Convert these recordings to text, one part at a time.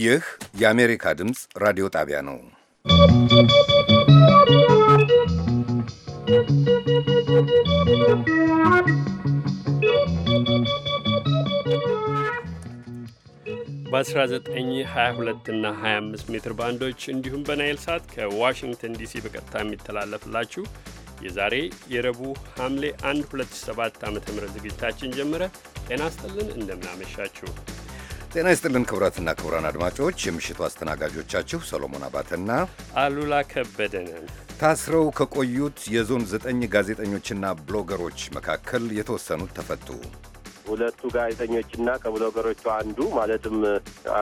ይህ የአሜሪካ ድምፅ ራዲዮ ጣቢያ ነው። በ1922 እና 25 ሜትር ባንዶች እንዲሁም በናይል ሳት ከዋሽንግተን ዲሲ በቀጥታ የሚተላለፍላችሁ የዛሬ የረቡዕ ሐምሌ 1 2007 ዓ ም ዝግጅታችን ጀመረ። ጤና እንደምናመሻችሁ ጤና ይስጥልን ክቡራትና ክቡራን አድማጮች የምሽቱ አስተናጋጆቻችሁ ሰሎሞን አባተና አሉላ ከበደን ታስረው ከቆዩት የዞን ዘጠኝ ጋዜጠኞችና ብሎገሮች መካከል የተወሰኑት ተፈቱ። ሁለቱ ጋዜጠኞችና ከብሎገሮቹ አንዱ ማለትም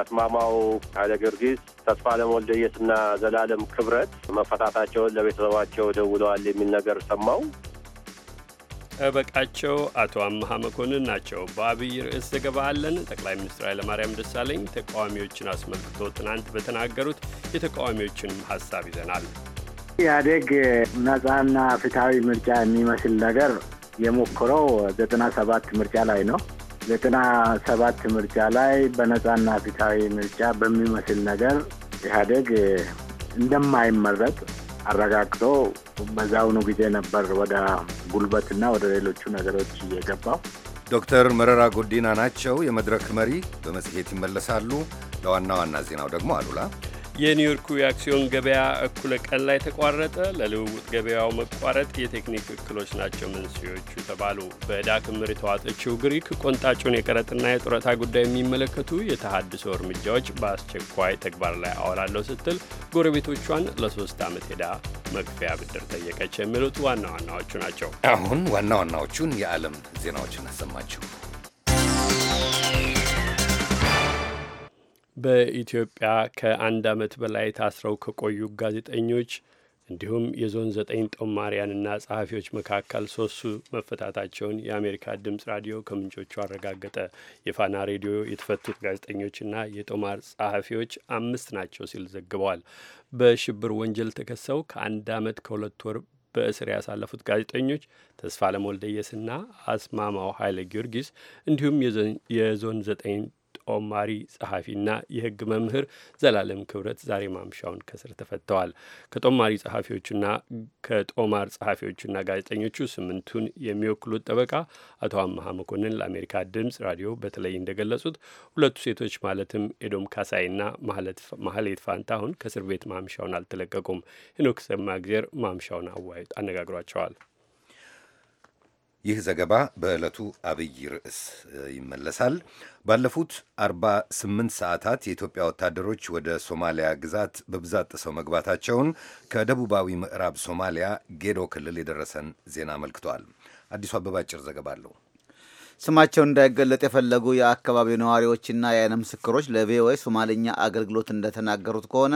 አስማማው ኃይለ ጊዮርጊስ፣ ተስፋለም ወልደየስና ዘላለም ክብረት መፈታታቸውን ለቤተሰባቸው ደውለዋል የሚል ነገር ሰማው። ጠበቃቸው አቶ አመሀ መኮንን ናቸው። በአብይ ርዕስ ዘገባ አለን። ጠቅላይ ሚኒስትር ኃይለማርያም ደሳለኝ ተቃዋሚዎችን አስመልክቶ ትናንት በተናገሩት የተቃዋሚዎችን ሀሳብ ይዘናል። ኢህአዴግ ነጻና ፍትሐዊ ምርጫ የሚመስል ነገር የሞክረው ዘጠና ሰባት ምርጫ ላይ ነው። ዘጠና ሰባት ምርጫ ላይ በነጻና ፍትሐዊ ምርጫ በሚመስል ነገር ኢህአዴግ እንደማይመረጥ አረጋግጦ በዛውኑ ጊዜ ነበር ወደ ጉልበትና ወደ ሌሎቹ ነገሮች እየገባው። ዶክተር መረራ ጉዲና ናቸው የመድረክ መሪ። በመጽሔት ይመለሳሉ። ለዋና ዋና ዜናው ደግሞ አሉላ የኒውዮርኩ የአክሲዮን ገበያ እኩለ ቀን ላይ ተቋረጠ። ለልውውጥ ገበያው መቋረጥ የቴክኒክ እክሎች ናቸው መንስኤዎቹ ተባሉ። በዕዳ ክምር የተዋጠችው ግሪክ ቆንጣጩን የቀረጥና የጡረታ ጉዳይ የሚመለከቱ የተሃድሶ እርምጃዎች በአስቸኳይ ተግባር ላይ አውላለሁ ስትል ጎረቤቶቿን ለሶስት ዓመት ሄዳ መክፈያ ብድር ጠየቀች። የሚሉት ዋና ዋናዎቹ ናቸው። አሁን ዋና ዋናዎቹን የዓለም ዜናዎች እናሰማችሁ። በኢትዮጵያ ከአንድ ዓመት በላይ ታስረው ከቆዩ ጋዜጠኞች እንዲሁም የዞን ዘጠኝ ጦማሪያንና ጸሐፊዎች መካከል ሶስቱ መፈታታቸውን የአሜሪካ ድምጽ ራዲዮ ከምንጮቹ አረጋገጠ። የፋና ሬዲዮ የተፈቱት ጋዜጠኞችና የጦማር ጸሐፊዎች አምስት ናቸው ሲል ዘግበዋል። በሽብር ወንጀል ተከሰው ከአንድ ዓመት ከሁለት ወር በእስር ያሳለፉት ጋዜጠኞች ተስፋ ለሞልደየስና አስማማው ኃይለ ጊዮርጊስ እንዲሁም የዞን ዘጠኝ ጦማሪ ጸሐፊና የህግ መምህር ዘላለም ክብረት ዛሬ ማምሻውን ከስር ተፈተዋል። ከጦማሪ ጸሐፊዎቹና ከጦማር ጸሐፊዎቹና ጋዜጠኞቹ ስምንቱን የሚወክሉት ጠበቃ አቶ አመሀ መኮንን ለአሜሪካ ድምፅ ራዲዮ በተለይ እንደገለጹት ሁለቱ ሴቶች ማለትም ኤዶም ካሳይና ማህሌት ፋንታሁን ከእስር ቤት ማምሻውን አልተለቀቁም። ሄኖክ ሰማእግዜር ማምሻውን አዋይ አነጋግሯቸዋል። ይህ ዘገባ በዕለቱ አብይ ርዕስ ይመለሳል። ባለፉት 48 ሰዓታት የኢትዮጵያ ወታደሮች ወደ ሶማሊያ ግዛት በብዛት ጥሰው መግባታቸውን ከደቡባዊ ምዕራብ ሶማሊያ ጌዶ ክልል የደረሰን ዜና አመልክቷል። አዲሱ አበባ አጭር ዘገባ አለው። ስማቸው እንዳይገለጥ የፈለጉ የአካባቢው ነዋሪዎችና የአይነ ምስክሮች ለቪኦኤ ሶማልኛ አገልግሎት እንደተናገሩት ከሆነ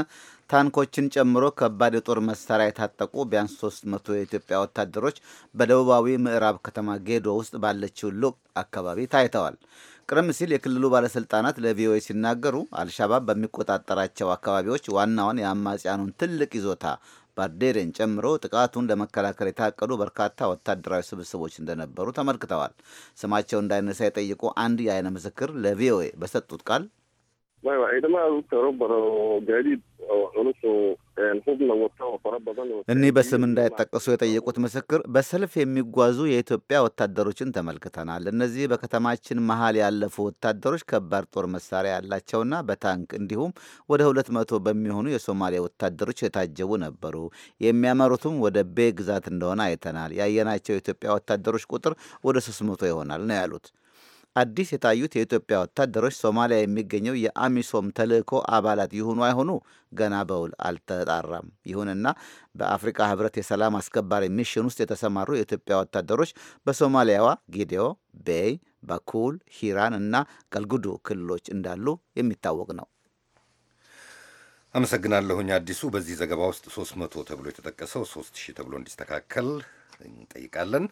ታንኮችን ጨምሮ ከባድ የጦር መሳሪያ የታጠቁ ቢያንስ 300 የኢትዮጵያ ወታደሮች በደቡባዊ ምዕራብ ከተማ ጌዶ ውስጥ ባለችው ሉቅ አካባቢ ታይተዋል። ቅደም ሲል የክልሉ ባለስልጣናት ለቪኦኤ ሲናገሩ አልሻባብ በሚቆጣጠራቸው አካባቢዎች ዋናውን የአማጽያኑን ትልቅ ይዞታ ባርዴሬን ጨምሮ ጥቃቱን ለመከላከል የታቀዱ በርካታ ወታደራዊ ስብስቦች እንደነበሩ ተመልክተዋል። ስማቸው እንዳይነሳ የጠየቁ አንድ የአይነ ምስክር ለቪኦኤ በሰጡት ቃል እኒህ በስም እንዳይጠቀሱ የጠየቁት ምስክር በሰልፍ የሚጓዙ የኢትዮጵያ ወታደሮችን ተመልክተናል። እነዚህ በከተማችን መሀል ያለፉ ወታደሮች ከባድ ጦር መሳሪያ ያላቸውና በታንክ እንዲሁም ወደ ሁለት መቶ በሚሆኑ የሶማሊያ ወታደሮች የታጀቡ ነበሩ። የሚያመሩትም ወደ ቤ ግዛት እንደሆነ አይተናል። ያየናቸው የኢትዮጵያ ወታደሮች ቁጥር ወደ ሶስት መቶ ይሆናል ነው ያሉት። አዲስ የታዩት የኢትዮጵያ ወታደሮች ሶማሊያ የሚገኘው የአሚሶም ተልእኮ አባላት ይሁኑ አይሆኑ ገና በውል አልተጣራም። ይሁንና በአፍሪካ ህብረት የሰላም አስከባሪ ሚሽን ውስጥ የተሰማሩ የኢትዮጵያ ወታደሮች በሶማሊያዋ ጊዲዮ፣ ቤይ፣ በኩል ሂራን እና ገልጉዱ ክልሎች እንዳሉ የሚታወቅ ነው። አመሰግናለሁኝ አዲሱ። በዚህ ዘገባ ውስጥ 300 መቶ ተብሎ የተጠቀሰው ሶስት ተብሎ እንዲስተካከል እንጠይቃለን።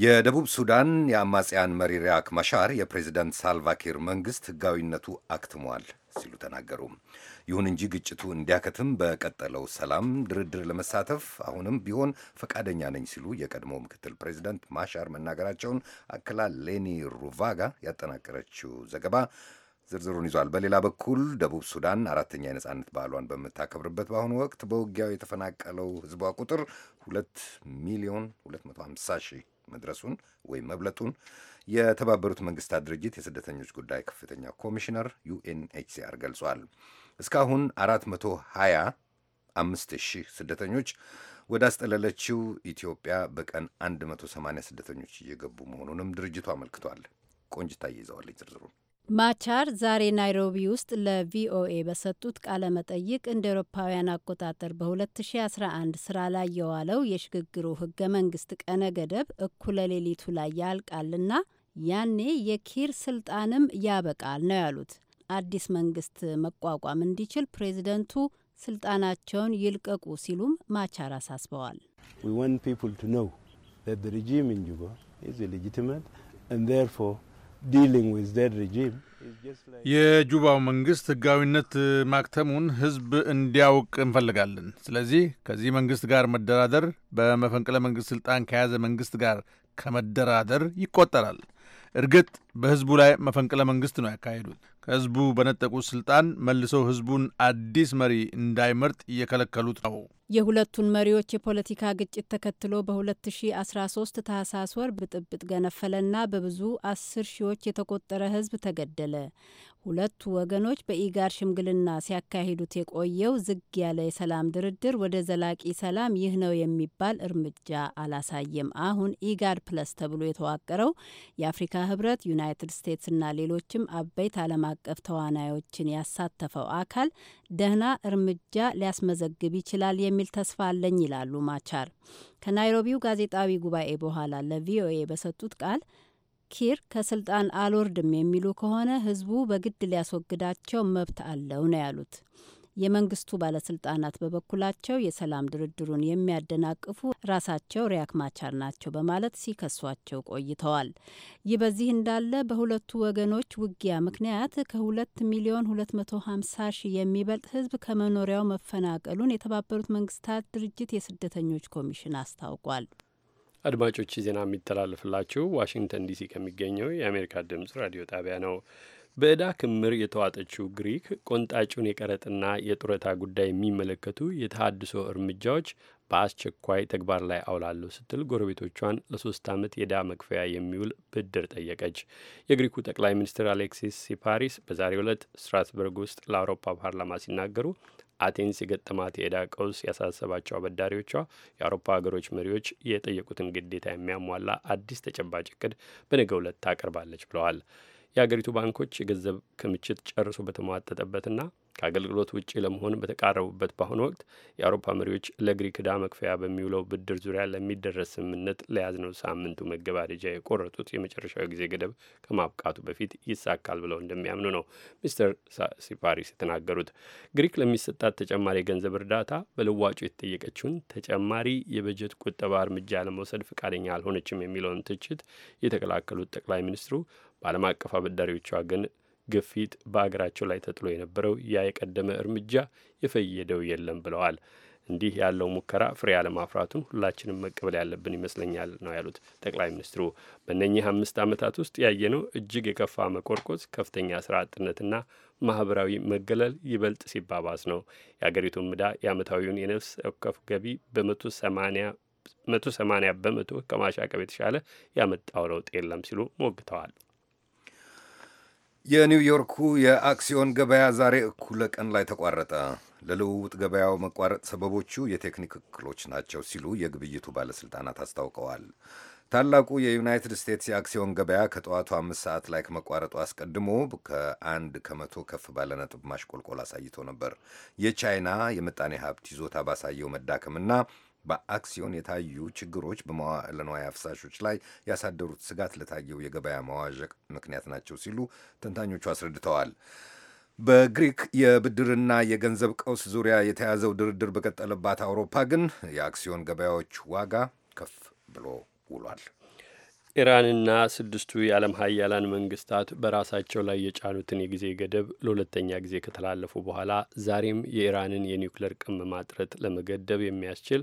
የደቡብ ሱዳን የአማጽያን መሪ ሪያክ ማሻር የፕሬዚደንት ሳልቫኪር መንግስት ህጋዊነቱ አክትሟል ሲሉ ተናገሩ። ይሁን እንጂ ግጭቱ እንዲያከትም በቀጠለው ሰላም ድርድር ለመሳተፍ አሁንም ቢሆን ፈቃደኛ ነኝ ሲሉ የቀድሞ ምክትል ፕሬዚደንት ማሻር መናገራቸውን አክላ ሌኒ ሩቫጋ ያጠናቀረችው ዘገባ ዝርዝሩን ይዟል። በሌላ በኩል ደቡብ ሱዳን አራተኛ የነጻነት በዓሏን በምታከብርበት በአሁኑ ወቅት በውጊያው የተፈናቀለው ህዝቧ ቁጥር ሁለት ሚሊዮን ሁለት መቶ ሀምሳ ሺህ መድረሱን ወይም መብለጡን የተባበሩት መንግስታት ድርጅት የስደተኞች ጉዳይ ከፍተኛ ኮሚሽነር ዩኤንኤችሲአር ገልጿል። እስካሁን 420 ሺህ ስደተኞች ወደ አስጠለለችው ኢትዮጵያ በቀን 180 ስደተኞች እየገቡ መሆኑንም ድርጅቱ አመልክቷል። ቆንጅታ ይዘዋለች ዝርዝሩ ማቻር ዛሬ ናይሮቢ ውስጥ ለቪኦኤ በሰጡት ቃለ መጠይቅ እንደ ኤሮፓውያን አቆጣጠር በ2011 ስራ ላይ የዋለው የሽግግሩ ህገ መንግስት ቀነ ገደብ እኩለ ሌሊቱ ላይ ያልቃልና ያኔ የኪር ስልጣንም ያበቃል ነው ያሉት። አዲስ መንግስት መቋቋም እንዲችል ፕሬዚደንቱ ስልጣናቸውን ይልቀቁ ሲሉም ማቻር አሳስበዋል። ሪጂም ኢን የጁባው መንግስት ህጋዊነት ማክተሙን ህዝብ እንዲያውቅ እንፈልጋለን። ስለዚህ ከዚህ መንግስት ጋር መደራደር በመፈንቅለ መንግስት ስልጣን ከያዘ መንግስት ጋር ከመደራደር ይቆጠራል። እርግጥ በህዝቡ ላይ መፈንቅለ መንግስት ነው ያካሄዱት። ከህዝቡ በነጠቁት ስልጣን መልሰው ህዝቡን አዲስ መሪ እንዳይመርጥ እየከለከሉት ነው። የሁለቱን መሪዎች የፖለቲካ ግጭት ተከትሎ በ2013 ታህሳስ ወር ብጥብጥ ገነፈለና በብዙ አስር ሺዎች የተቆጠረ ህዝብ ተገደለ። ሁለቱ ወገኖች በኢጋድ ሽምግልና ሲያካሂዱት የቆየው ዝግ ያለ የሰላም ድርድር ወደ ዘላቂ ሰላም ይህ ነው የሚባል እርምጃ አላሳየም። አሁን ኢጋድ ፕለስ ተብሎ የተዋቀረው የአፍሪካ ህብረት፣ ዩናይትድ እና ሌሎችም አበይት ዓለም አቀፍ ተዋናዮችን ያሳተፈው አካል ደህና እርምጃ ሊያስመዘግብ ይችላል የሚል ተስፋ አለኝ ይላሉ ማቻር። ከናይሮቢው ጋዜጣዊ ጉባኤ በኋላ ለቪኦኤ በሰጡት ቃል ኪር ከስልጣን አልወርድም የሚሉ ከሆነ ህዝቡ በግድ ሊያስወግዳቸው መብት አለው ነው ያሉት። የመንግስቱ ባለስልጣናት በበኩላቸው የሰላም ድርድሩን የሚያደናቅፉ ራሳቸው ሪያክ ማቻር ናቸው በማለት ሲከሷቸው ቆይተዋል። ይህ በዚህ እንዳለ በሁለቱ ወገኖች ውጊያ ምክንያት ከ2 ሚሊዮን 250 ሺህ የሚበልጥ ህዝብ ከመኖሪያው መፈናቀሉን የተባበሩት መንግስታት ድርጅት የስደተኞች ኮሚሽን አስታውቋል። አድማጮች ዜና የሚተላለፍላችሁ ዋሽንግተን ዲሲ ከሚገኘው የአሜሪካ ድምፅ ራዲዮ ጣቢያ ነው። በዕዳ ክምር የተዋጠችው ግሪክ ቆንጣጩን የቀረጥና የጡረታ ጉዳይ የሚመለከቱ የተሃድሶ እርምጃዎች በአስቸኳይ ተግባር ላይ አውላለሁ ስትል ጎረቤቶቿን ለሶስት ዓመት የዕዳ መክፈያ የሚውል ብድር ጠየቀች። የግሪኩ ጠቅላይ ሚኒስትር አሌክሲስ ሲፓሪስ በዛሬው ዕለት ስትራስበርግ ውስጥ ለአውሮፓ ፓርላማ ሲናገሩ አቴንስ የገጠማት የዕዳ ቀውስ ያሳሰባቸው አበዳሪዎቿ የአውሮፓ ሀገሮች መሪዎች የጠየቁትን ግዴታ የሚያሟላ አዲስ ተጨባጭ እቅድ በነገ ዕለት ታቀርባለች ብለዋል። የአገሪቱ ባንኮች የገንዘብ ክምችት ጨርሶ በተሟጠጠበትና ከአገልግሎት ውጭ ለመሆን በተቃረቡበት በአሁኑ ወቅት የአውሮፓ መሪዎች ለግሪክ ዕዳ መክፈያ በሚውለው ብድር ዙሪያ ለሚደረስ ስምምነት ለያዝነው ሳምንቱ መገባደጃ የቆረጡት የመጨረሻዊ ጊዜ ገደብ ከማብቃቱ በፊት ይሳካል ብለው እንደሚያምኑ ነው ሚስተር ሲፓሪስ የተናገሩት። ግሪክ ለሚሰጣት ተጨማሪ የገንዘብ እርዳታ በልዋጩ የተጠየቀችውን ተጨማሪ የበጀት ቁጠባ እርምጃ ለመውሰድ ፈቃደኛ አልሆነችም የሚለውን ትችት የተከላከሉት ጠቅላይ ሚኒስትሩ በዓለም አቀፍ አበዳሪዎቿ ግን ግፊት በአገራቸው ላይ ተጥሎ የነበረው ያ የቀደመ እርምጃ የፈየደው የለም ብለዋል። እንዲህ ያለው ሙከራ ፍሬ አለማፍራቱን ሁላችንም መቀበል ያለብን ይመስለኛል ነው ያሉት ጠቅላይ ሚኒስትሩ። በእነኚህ አምስት ዓመታት ውስጥ ያየነው እጅግ የከፋ መቆርቆዝ፣ ከፍተኛ ስራ አጥነትና ማህበራዊ መገለል ይበልጥ ሲባባስ ነው። የአገሪቱን ምዳ የአመታዊውን የነፍስ ወከፍ ገቢ በመቶ ሰማንያ መቶ ሰማንያ በመቶ ከማሻቀብ የተሻለ ያመጣው ለውጥ የለም ሲሉ ሞግተዋል። የኒውዮርኩ የአክሲዮን ገበያ ዛሬ እኩለ ቀን ላይ ተቋረጠ። ለልውውጥ ገበያው መቋረጥ ሰበቦቹ የቴክኒክ እክሎች ናቸው ሲሉ የግብይቱ ባለሥልጣናት አስታውቀዋል። ታላቁ የዩናይትድ ስቴትስ የአክሲዮን ገበያ ከጠዋቱ አምስት ሰዓት ላይ ከመቋረጡ አስቀድሞ ከአንድ ከመቶ ከፍ ባለ ነጥብ ማሽቆልቆል አሳይቶ ነበር። የቻይና የምጣኔ ሀብት ይዞታ ባሳየው መዳከምና በአክሲዮን የታዩ ችግሮች በመዋዕለ ንዋይ አፍሳሾች ላይ ያሳደሩት ስጋት ለታየው የገበያ መዋዠቅ ምክንያት ናቸው ሲሉ ተንታኞቹ አስረድተዋል። በግሪክ የብድርና የገንዘብ ቀውስ ዙሪያ የተያዘው ድርድር በቀጠለባት አውሮፓ ግን የአክሲዮን ገበያዎች ዋጋ ከፍ ብሎ ውሏል። ኢራንና ስድስቱ የዓለም ሀያላን መንግስታት በራሳቸው ላይ የጫኑትን የጊዜ ገደብ ለሁለተኛ ጊዜ ከተላለፉ በኋላ ዛሬም የኢራንን የኒውክሌር ቅመማ ጥረት ለመገደብ የሚያስችል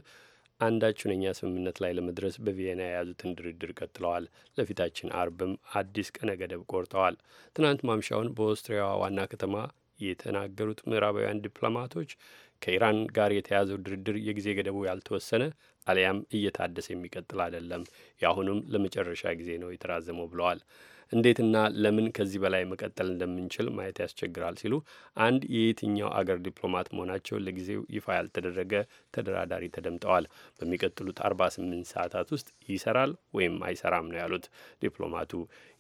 አንዳች ሁነኛ ስምምነት ላይ ለመድረስ በቪየና የያዙትን ድርድር ቀጥለዋል። ለፊታችን አርብም አዲስ ቀነ ገደብ ቆርጠዋል። ትናንት ማምሻውን በኦስትሪያዋ ዋና ከተማ የተናገሩት ምዕራባውያን ዲፕሎማቶች ከኢራን ጋር የተያዘው ድርድር የጊዜ ገደቡ ያልተወሰነ አሊያም እየታደሰ የሚቀጥል አይደለም፣ የአሁኑም ለመጨረሻ ጊዜ ነው የተራዘመው ብለዋል። እንዴትና ለምን ከዚህ በላይ መቀጠል እንደምንችል ማየት ያስቸግራል ሲሉ አንድ የየትኛው አገር ዲፕሎማት መሆናቸው ለጊዜው ይፋ ያልተደረገ ተደራዳሪ ተደምጠዋል። በሚቀጥሉት 48 ሰዓታት ውስጥ ይሰራል ወይም አይሰራም ነው ያሉት ዲፕሎማቱ።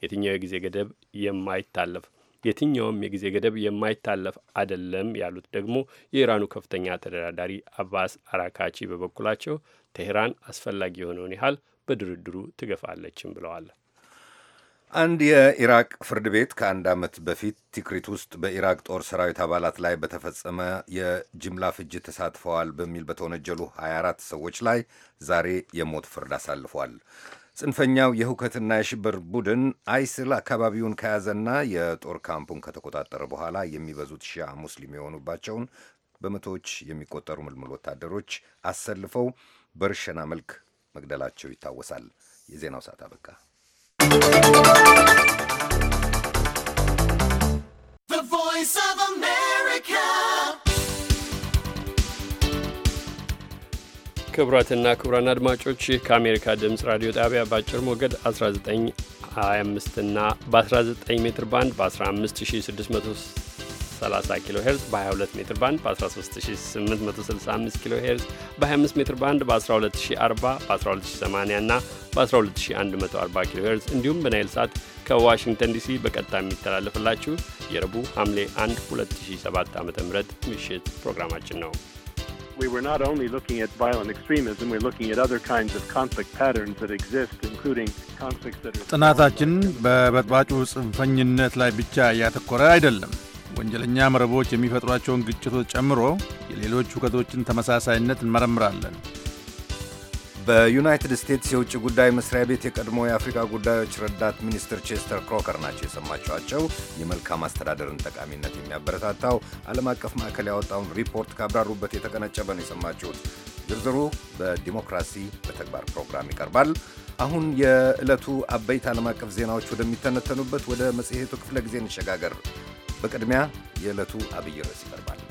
የትኛው የጊዜ ገደብ የማይታለፍ የትኛውም የጊዜ ገደብ የማይታለፍ አይደለም ያሉት ደግሞ የኢራኑ ከፍተኛ ተደራዳሪ አባስ አራካቺ በበኩላቸው ቴሄራን አስፈላጊ የሆነውን ያህል በድርድሩ ትገፋለችም ብለዋል። አንድ የኢራቅ ፍርድ ቤት ከአንድ ዓመት በፊት ቲክሪት ውስጥ በኢራቅ ጦር ሰራዊት አባላት ላይ በተፈጸመ የጅምላ ፍጅት ተሳትፈዋል በሚል በተወነጀሉ 24 ሰዎች ላይ ዛሬ የሞት ፍርድ አሳልፏል። ጽንፈኛው የሁከትና የሽብር ቡድን አይስል አካባቢውን ከያዘና የጦር ካምፑን ከተቆጣጠረ በኋላ የሚበዙት ሺያ ሙስሊም የሆኑባቸውን በመቶዎች የሚቆጠሩ ምልምል ወታደሮች አሰልፈው በርሸና መልክ መግደላቸው ይታወሳል። የዜናው ሰዓት አበቃ። ክቡራትና ክቡራን አድማጮች ይህ ከአሜሪካ ድምፅ ራዲዮ ጣቢያ በአጭር ሞገድ 1925 ና በ19 ሜትር ባንድ በ15630 ኪሎ ሄርዝ በ22 ሜትር ባንድ በ13865 ኪሎ ሄርዝ በ25 ሜትር ባንድ በ 1240 በ 1280 እና በ12140 ኪሎ ሄርዝ እንዲሁም በናይል ሳት ከዋሽንግተን ዲሲ በቀጥታ የሚተላለፍላችሁ የረቡዕ ሐምሌ 1 2007 ዓ ም ምሽት ፕሮግራማችን ነው። we were not only looking at violent extremism, we're looking at other kinds of conflict patterns that exist, including conflicts that are... ጥናታችን በበጥባጩ ጽንፈኝነት ላይ ብቻ ያተኮረ አይደለም። ወንጀለኛ መረቦች የሚፈጥሯቸውን ግጭቶች ጨምሮ የሌሎች ሁከቶችን ተመሳሳይነት እንመረምራለን። በዩናይትድ ስቴትስ የውጭ ጉዳይ መስሪያ ቤት የቀድሞ የአፍሪካ ጉዳዮች ረዳት ሚኒስትር ቼስተር ክሮከር ናቸው የሰማችኋቸው። የመልካም አስተዳደርን ጠቃሚነት የሚያበረታታው ዓለም አቀፍ ማዕከል ያወጣውን ሪፖርት ካብራሩበት የተቀነጨበ ነው የሰማችሁት። ዝርዝሩ በዲሞክራሲ በተግባር ፕሮግራም ይቀርባል። አሁን የዕለቱ አበይት ዓለም አቀፍ ዜናዎች ወደሚተነተኑበት ወደ መጽሔቱ ክፍለ ጊዜ እንሸጋገር። በቅድሚያ የዕለቱ አብይ ርዕስ ይቀርባል።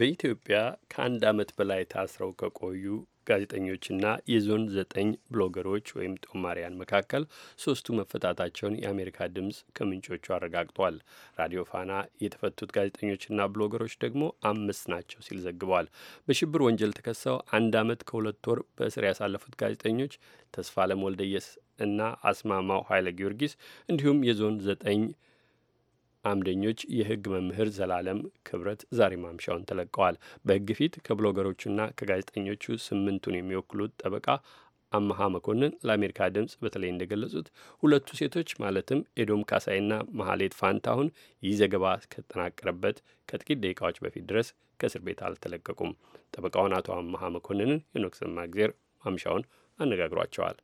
በኢትዮጵያ ከአንድ ዓመት በላይ ታስረው ከቆዩ ጋዜጠኞችና የዞን ዘጠኝ ብሎገሮች ወይም ጦማሪያን መካከል ሶስቱ መፈታታቸውን የአሜሪካ ድምፅ ከምንጮቹ አረጋግጧል። ራዲዮ ፋና የተፈቱት ጋዜጠኞችና ብሎገሮች ደግሞ አምስት ናቸው ሲል ዘግቧል። በሽብር ወንጀል ተከሰው አንድ ዓመት ከሁለት ወር በእስር ያሳለፉት ጋዜጠኞች ተስፋለም ወልደየስ እና አስማማው ኃይለ ጊዮርጊስ እንዲሁም የዞን ዘጠኝ አምደኞች የህግ መምህር ዘላለም ክብረት ዛሬ ማምሻውን ተለቀዋል። በህግ ፊት ከብሎገሮቹና ከጋዜጠኞቹ ስምንቱን የሚወክሉት ጠበቃ አመሃ መኮንን ለአሜሪካ ድምፅ በተለይ እንደገለጹት ሁለቱ ሴቶች ማለትም ኤዶም ካሳይና መሀሌት ፋንታሁን ይህ ዘገባ ከተጠናቀረበት ከጥቂት ደቂቃዎች በፊት ድረስ ከእስር ቤት አልተለቀቁም። ጠበቃውን አቶ አመሃ መኮንንን ሄኖክ ማምሻውን አነጋግሯቸዋል።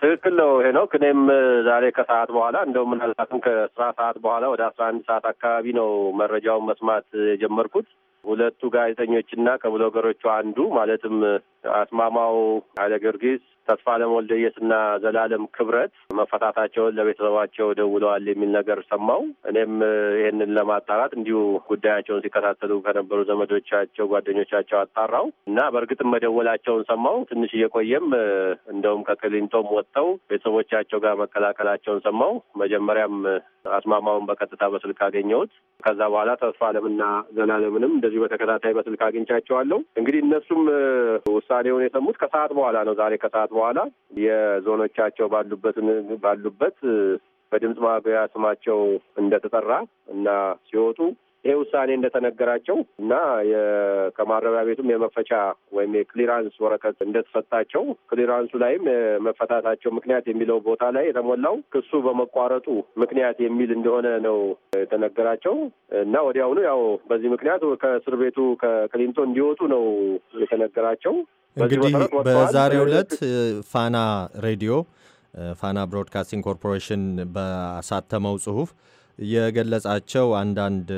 ትክክል ነው ሄኖክ። እኔም ዛሬ ከሰዓት በኋላ እንደው ምናልባትም ከስራ ሰዓት በኋላ ወደ አስራ አንድ ሰዓት አካባቢ ነው መረጃውን መስማት የጀመርኩት። ሁለቱ ጋዜጠኞችና ከብሎገሮቹ አንዱ ማለትም አስማማው ኃይለ ጊዮርጊስ ተስፋ ለመወልደየት እና ዘላለም ክብረት መፈታታቸውን ለቤተሰባቸው ደውለዋል የሚል ነገር ሰማው። እኔም ይህንን ለማጣራት እንዲሁ ጉዳያቸውን ሲከታተሉ ከነበሩ ዘመዶቻቸው፣ ጓደኞቻቸው አጣራው እና በእርግጥም መደወላቸውን ሰማው። ትንሽ እየቆየም እንደውም ከክሊንቶም ወጥተው ቤተሰቦቻቸው ጋር መቀላቀላቸውን ሰማው። መጀመሪያም አስማማውን በቀጥታ በስልክ አገኘሁት። ከዛ በኋላ ተስፋ አለምና ዘላለምንም እንደዚሁ በተከታታይ በስልክ አግኝቻቸዋለሁ። እንግዲህ እነሱም ውሳኔውን የሰሙት ከሰዓት በኋላ ነው። ዛሬ ከሰዓት በኋላ የዞኖቻቸው ባሉበት ባሉበት በድምፅ ማጉያ ስማቸው እንደተጠራ እና ሲወጡ ይሄ ውሳኔ እንደተነገራቸው እና ከማረቢያ ቤቱም የመፈቻ ወይም የክሊራንስ ወረቀት እንደተሰጣቸው ክሊራንሱ ላይም መፈታታቸው ምክንያት የሚለው ቦታ ላይ የተሞላው ክሱ በመቋረጡ ምክንያት የሚል እንደሆነ ነው የተነገራቸው እና ወዲያውኑ ያው በዚህ ምክንያት ከእስር ቤቱ ከክሊንቶን እንዲወጡ ነው የተነገራቸው። እንግዲህ በዛሬው ዕለት ፋና ሬዲዮ ፋና ብሮድካስቲንግ ኮርፖሬሽን ባሳተመው ጽሁፍ የገለጻቸው አንዳንድ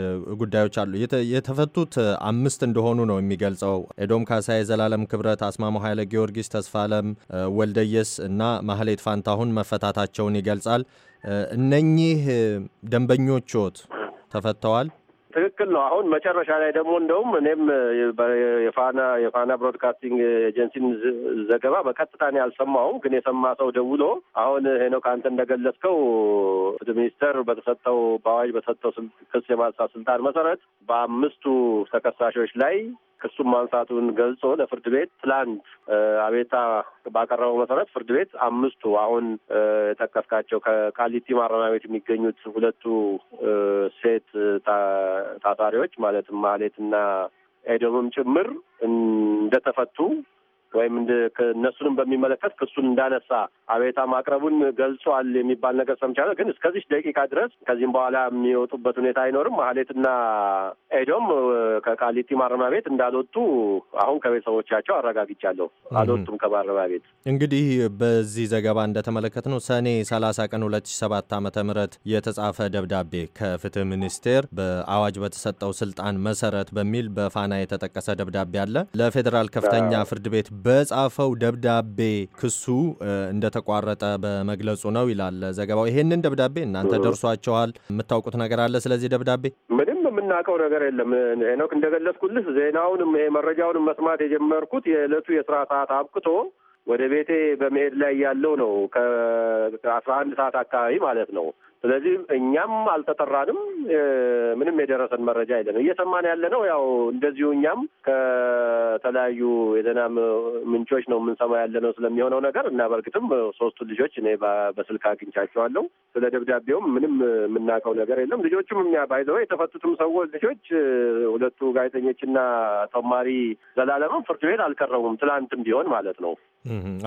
ጉዳዮች አሉ። የተፈቱት አምስት እንደሆኑ ነው የሚገልጸው። ኤዶም ካሳ ዘላለም ክብረት፣ አስማማው ኃይለ ጊዮርጊስ፣ ተስፋለም ወልደየስ እና ማህሌት ፋንታሁን መፈታታቸውን ይገልጻል። እነኚህ ወት ተፈተዋል? ትክክል ነው። አሁን መጨረሻ ላይ ደግሞ እንደውም እኔም የፋና የፋና ብሮድካስቲንግ ኤጀንሲን ዘገባ በቀጥታ እኔ አልሰማሁም፣ ግን የሰማ ሰው ደውሎ አሁን ሄኖክ አንተ እንደገለጽከው ፍትህ ሚኒስተር በተሰጠው በአዋጅ በተሰጠው ክስ የማንሳት ስልጣን መሰረት በአምስቱ ተከሳሾች ላይ ክሱም ማንሳቱን ገልጾ ለፍርድ ቤት ትላንት አቤታ ባቀረበው መሰረት ፍርድ ቤት አምስቱ አሁን የጠቀስካቸው ከቃሊቲ ማረሚያ ቤት የሚገኙት ሁለቱ ሴት ታሳሪዎች ማለትም ማሌትና ኤዶምም ጭምር እንደተፈቱ ወይም እነሱንም በሚመለከት ክሱን እንዳነሳ አቤታ ማቅረቡን ገልጿል የሚባል ነገር ሰምቻለሁ። ግን እስከዚህ ደቂቃ ድረስ ከዚህም በኋላ የሚወጡበት ሁኔታ አይኖርም። ማህሌትና ኤዶም ከቃሊቲ ማረሚያ ቤት እንዳልወጡ አሁን ከቤተሰቦቻቸው አረጋግጫለሁ። አልወጡም ከማረሚያ ቤት። እንግዲህ በዚህ ዘገባ እንደተመለከት ነው ሰኔ ሰላሳ ቀን ሁለት ሺ ሰባት የተጻፈ ደብዳቤ ከፍትህ ሚኒስቴር በአዋጅ በተሰጠው ስልጣን መሰረት በሚል በፋና የተጠቀሰ ደብዳቤ አለ ለፌዴራል ከፍተኛ ፍርድ ቤት በጻፈው ደብዳቤ ክሱ እንደተቋረጠ በመግለጹ ነው ይላል ዘገባው። ይሄንን ደብዳቤ እናንተ ደርሷቸዋል? የምታውቁት ነገር አለ ስለዚህ ደብዳቤ? ምንም የምናውቀው ነገር የለም ሄኖክ። እንደገለጽኩልህ ዜናውንም ይሄ መረጃውንም መስማት የጀመርኩት የዕለቱ የስራ ሰዓት አብቅቶ ወደ ቤቴ በመሄድ ላይ ያለው ነው ከአስራ አንድ ሰዓት አካባቢ ማለት ነው። ስለዚህ እኛም አልተጠራንም። ምንም የደረሰን መረጃ የለም። እየሰማን ያለ ነው ያው እንደዚሁ እኛም ከተለያዩ የዜና ምንጮች ነው የምንሰማ ያለ ነው ስለሚሆነው ነገር እና በእርግጥም ልጆች እኔ በስልክ አግኝቻቸዋለሁ። ስለ ደብዳቤውም ምንም የምናውቀው ነገር የለም። ልጆቹም እኛ ባይዘው የተፈቱትም ሰዎች ልጆች ሁለቱ ጋዜጠኞችና ተማሪ ዘላለምም ፍርድ ቤት አልቀረቡም። ትላንትም ቢሆን ማለት ነው።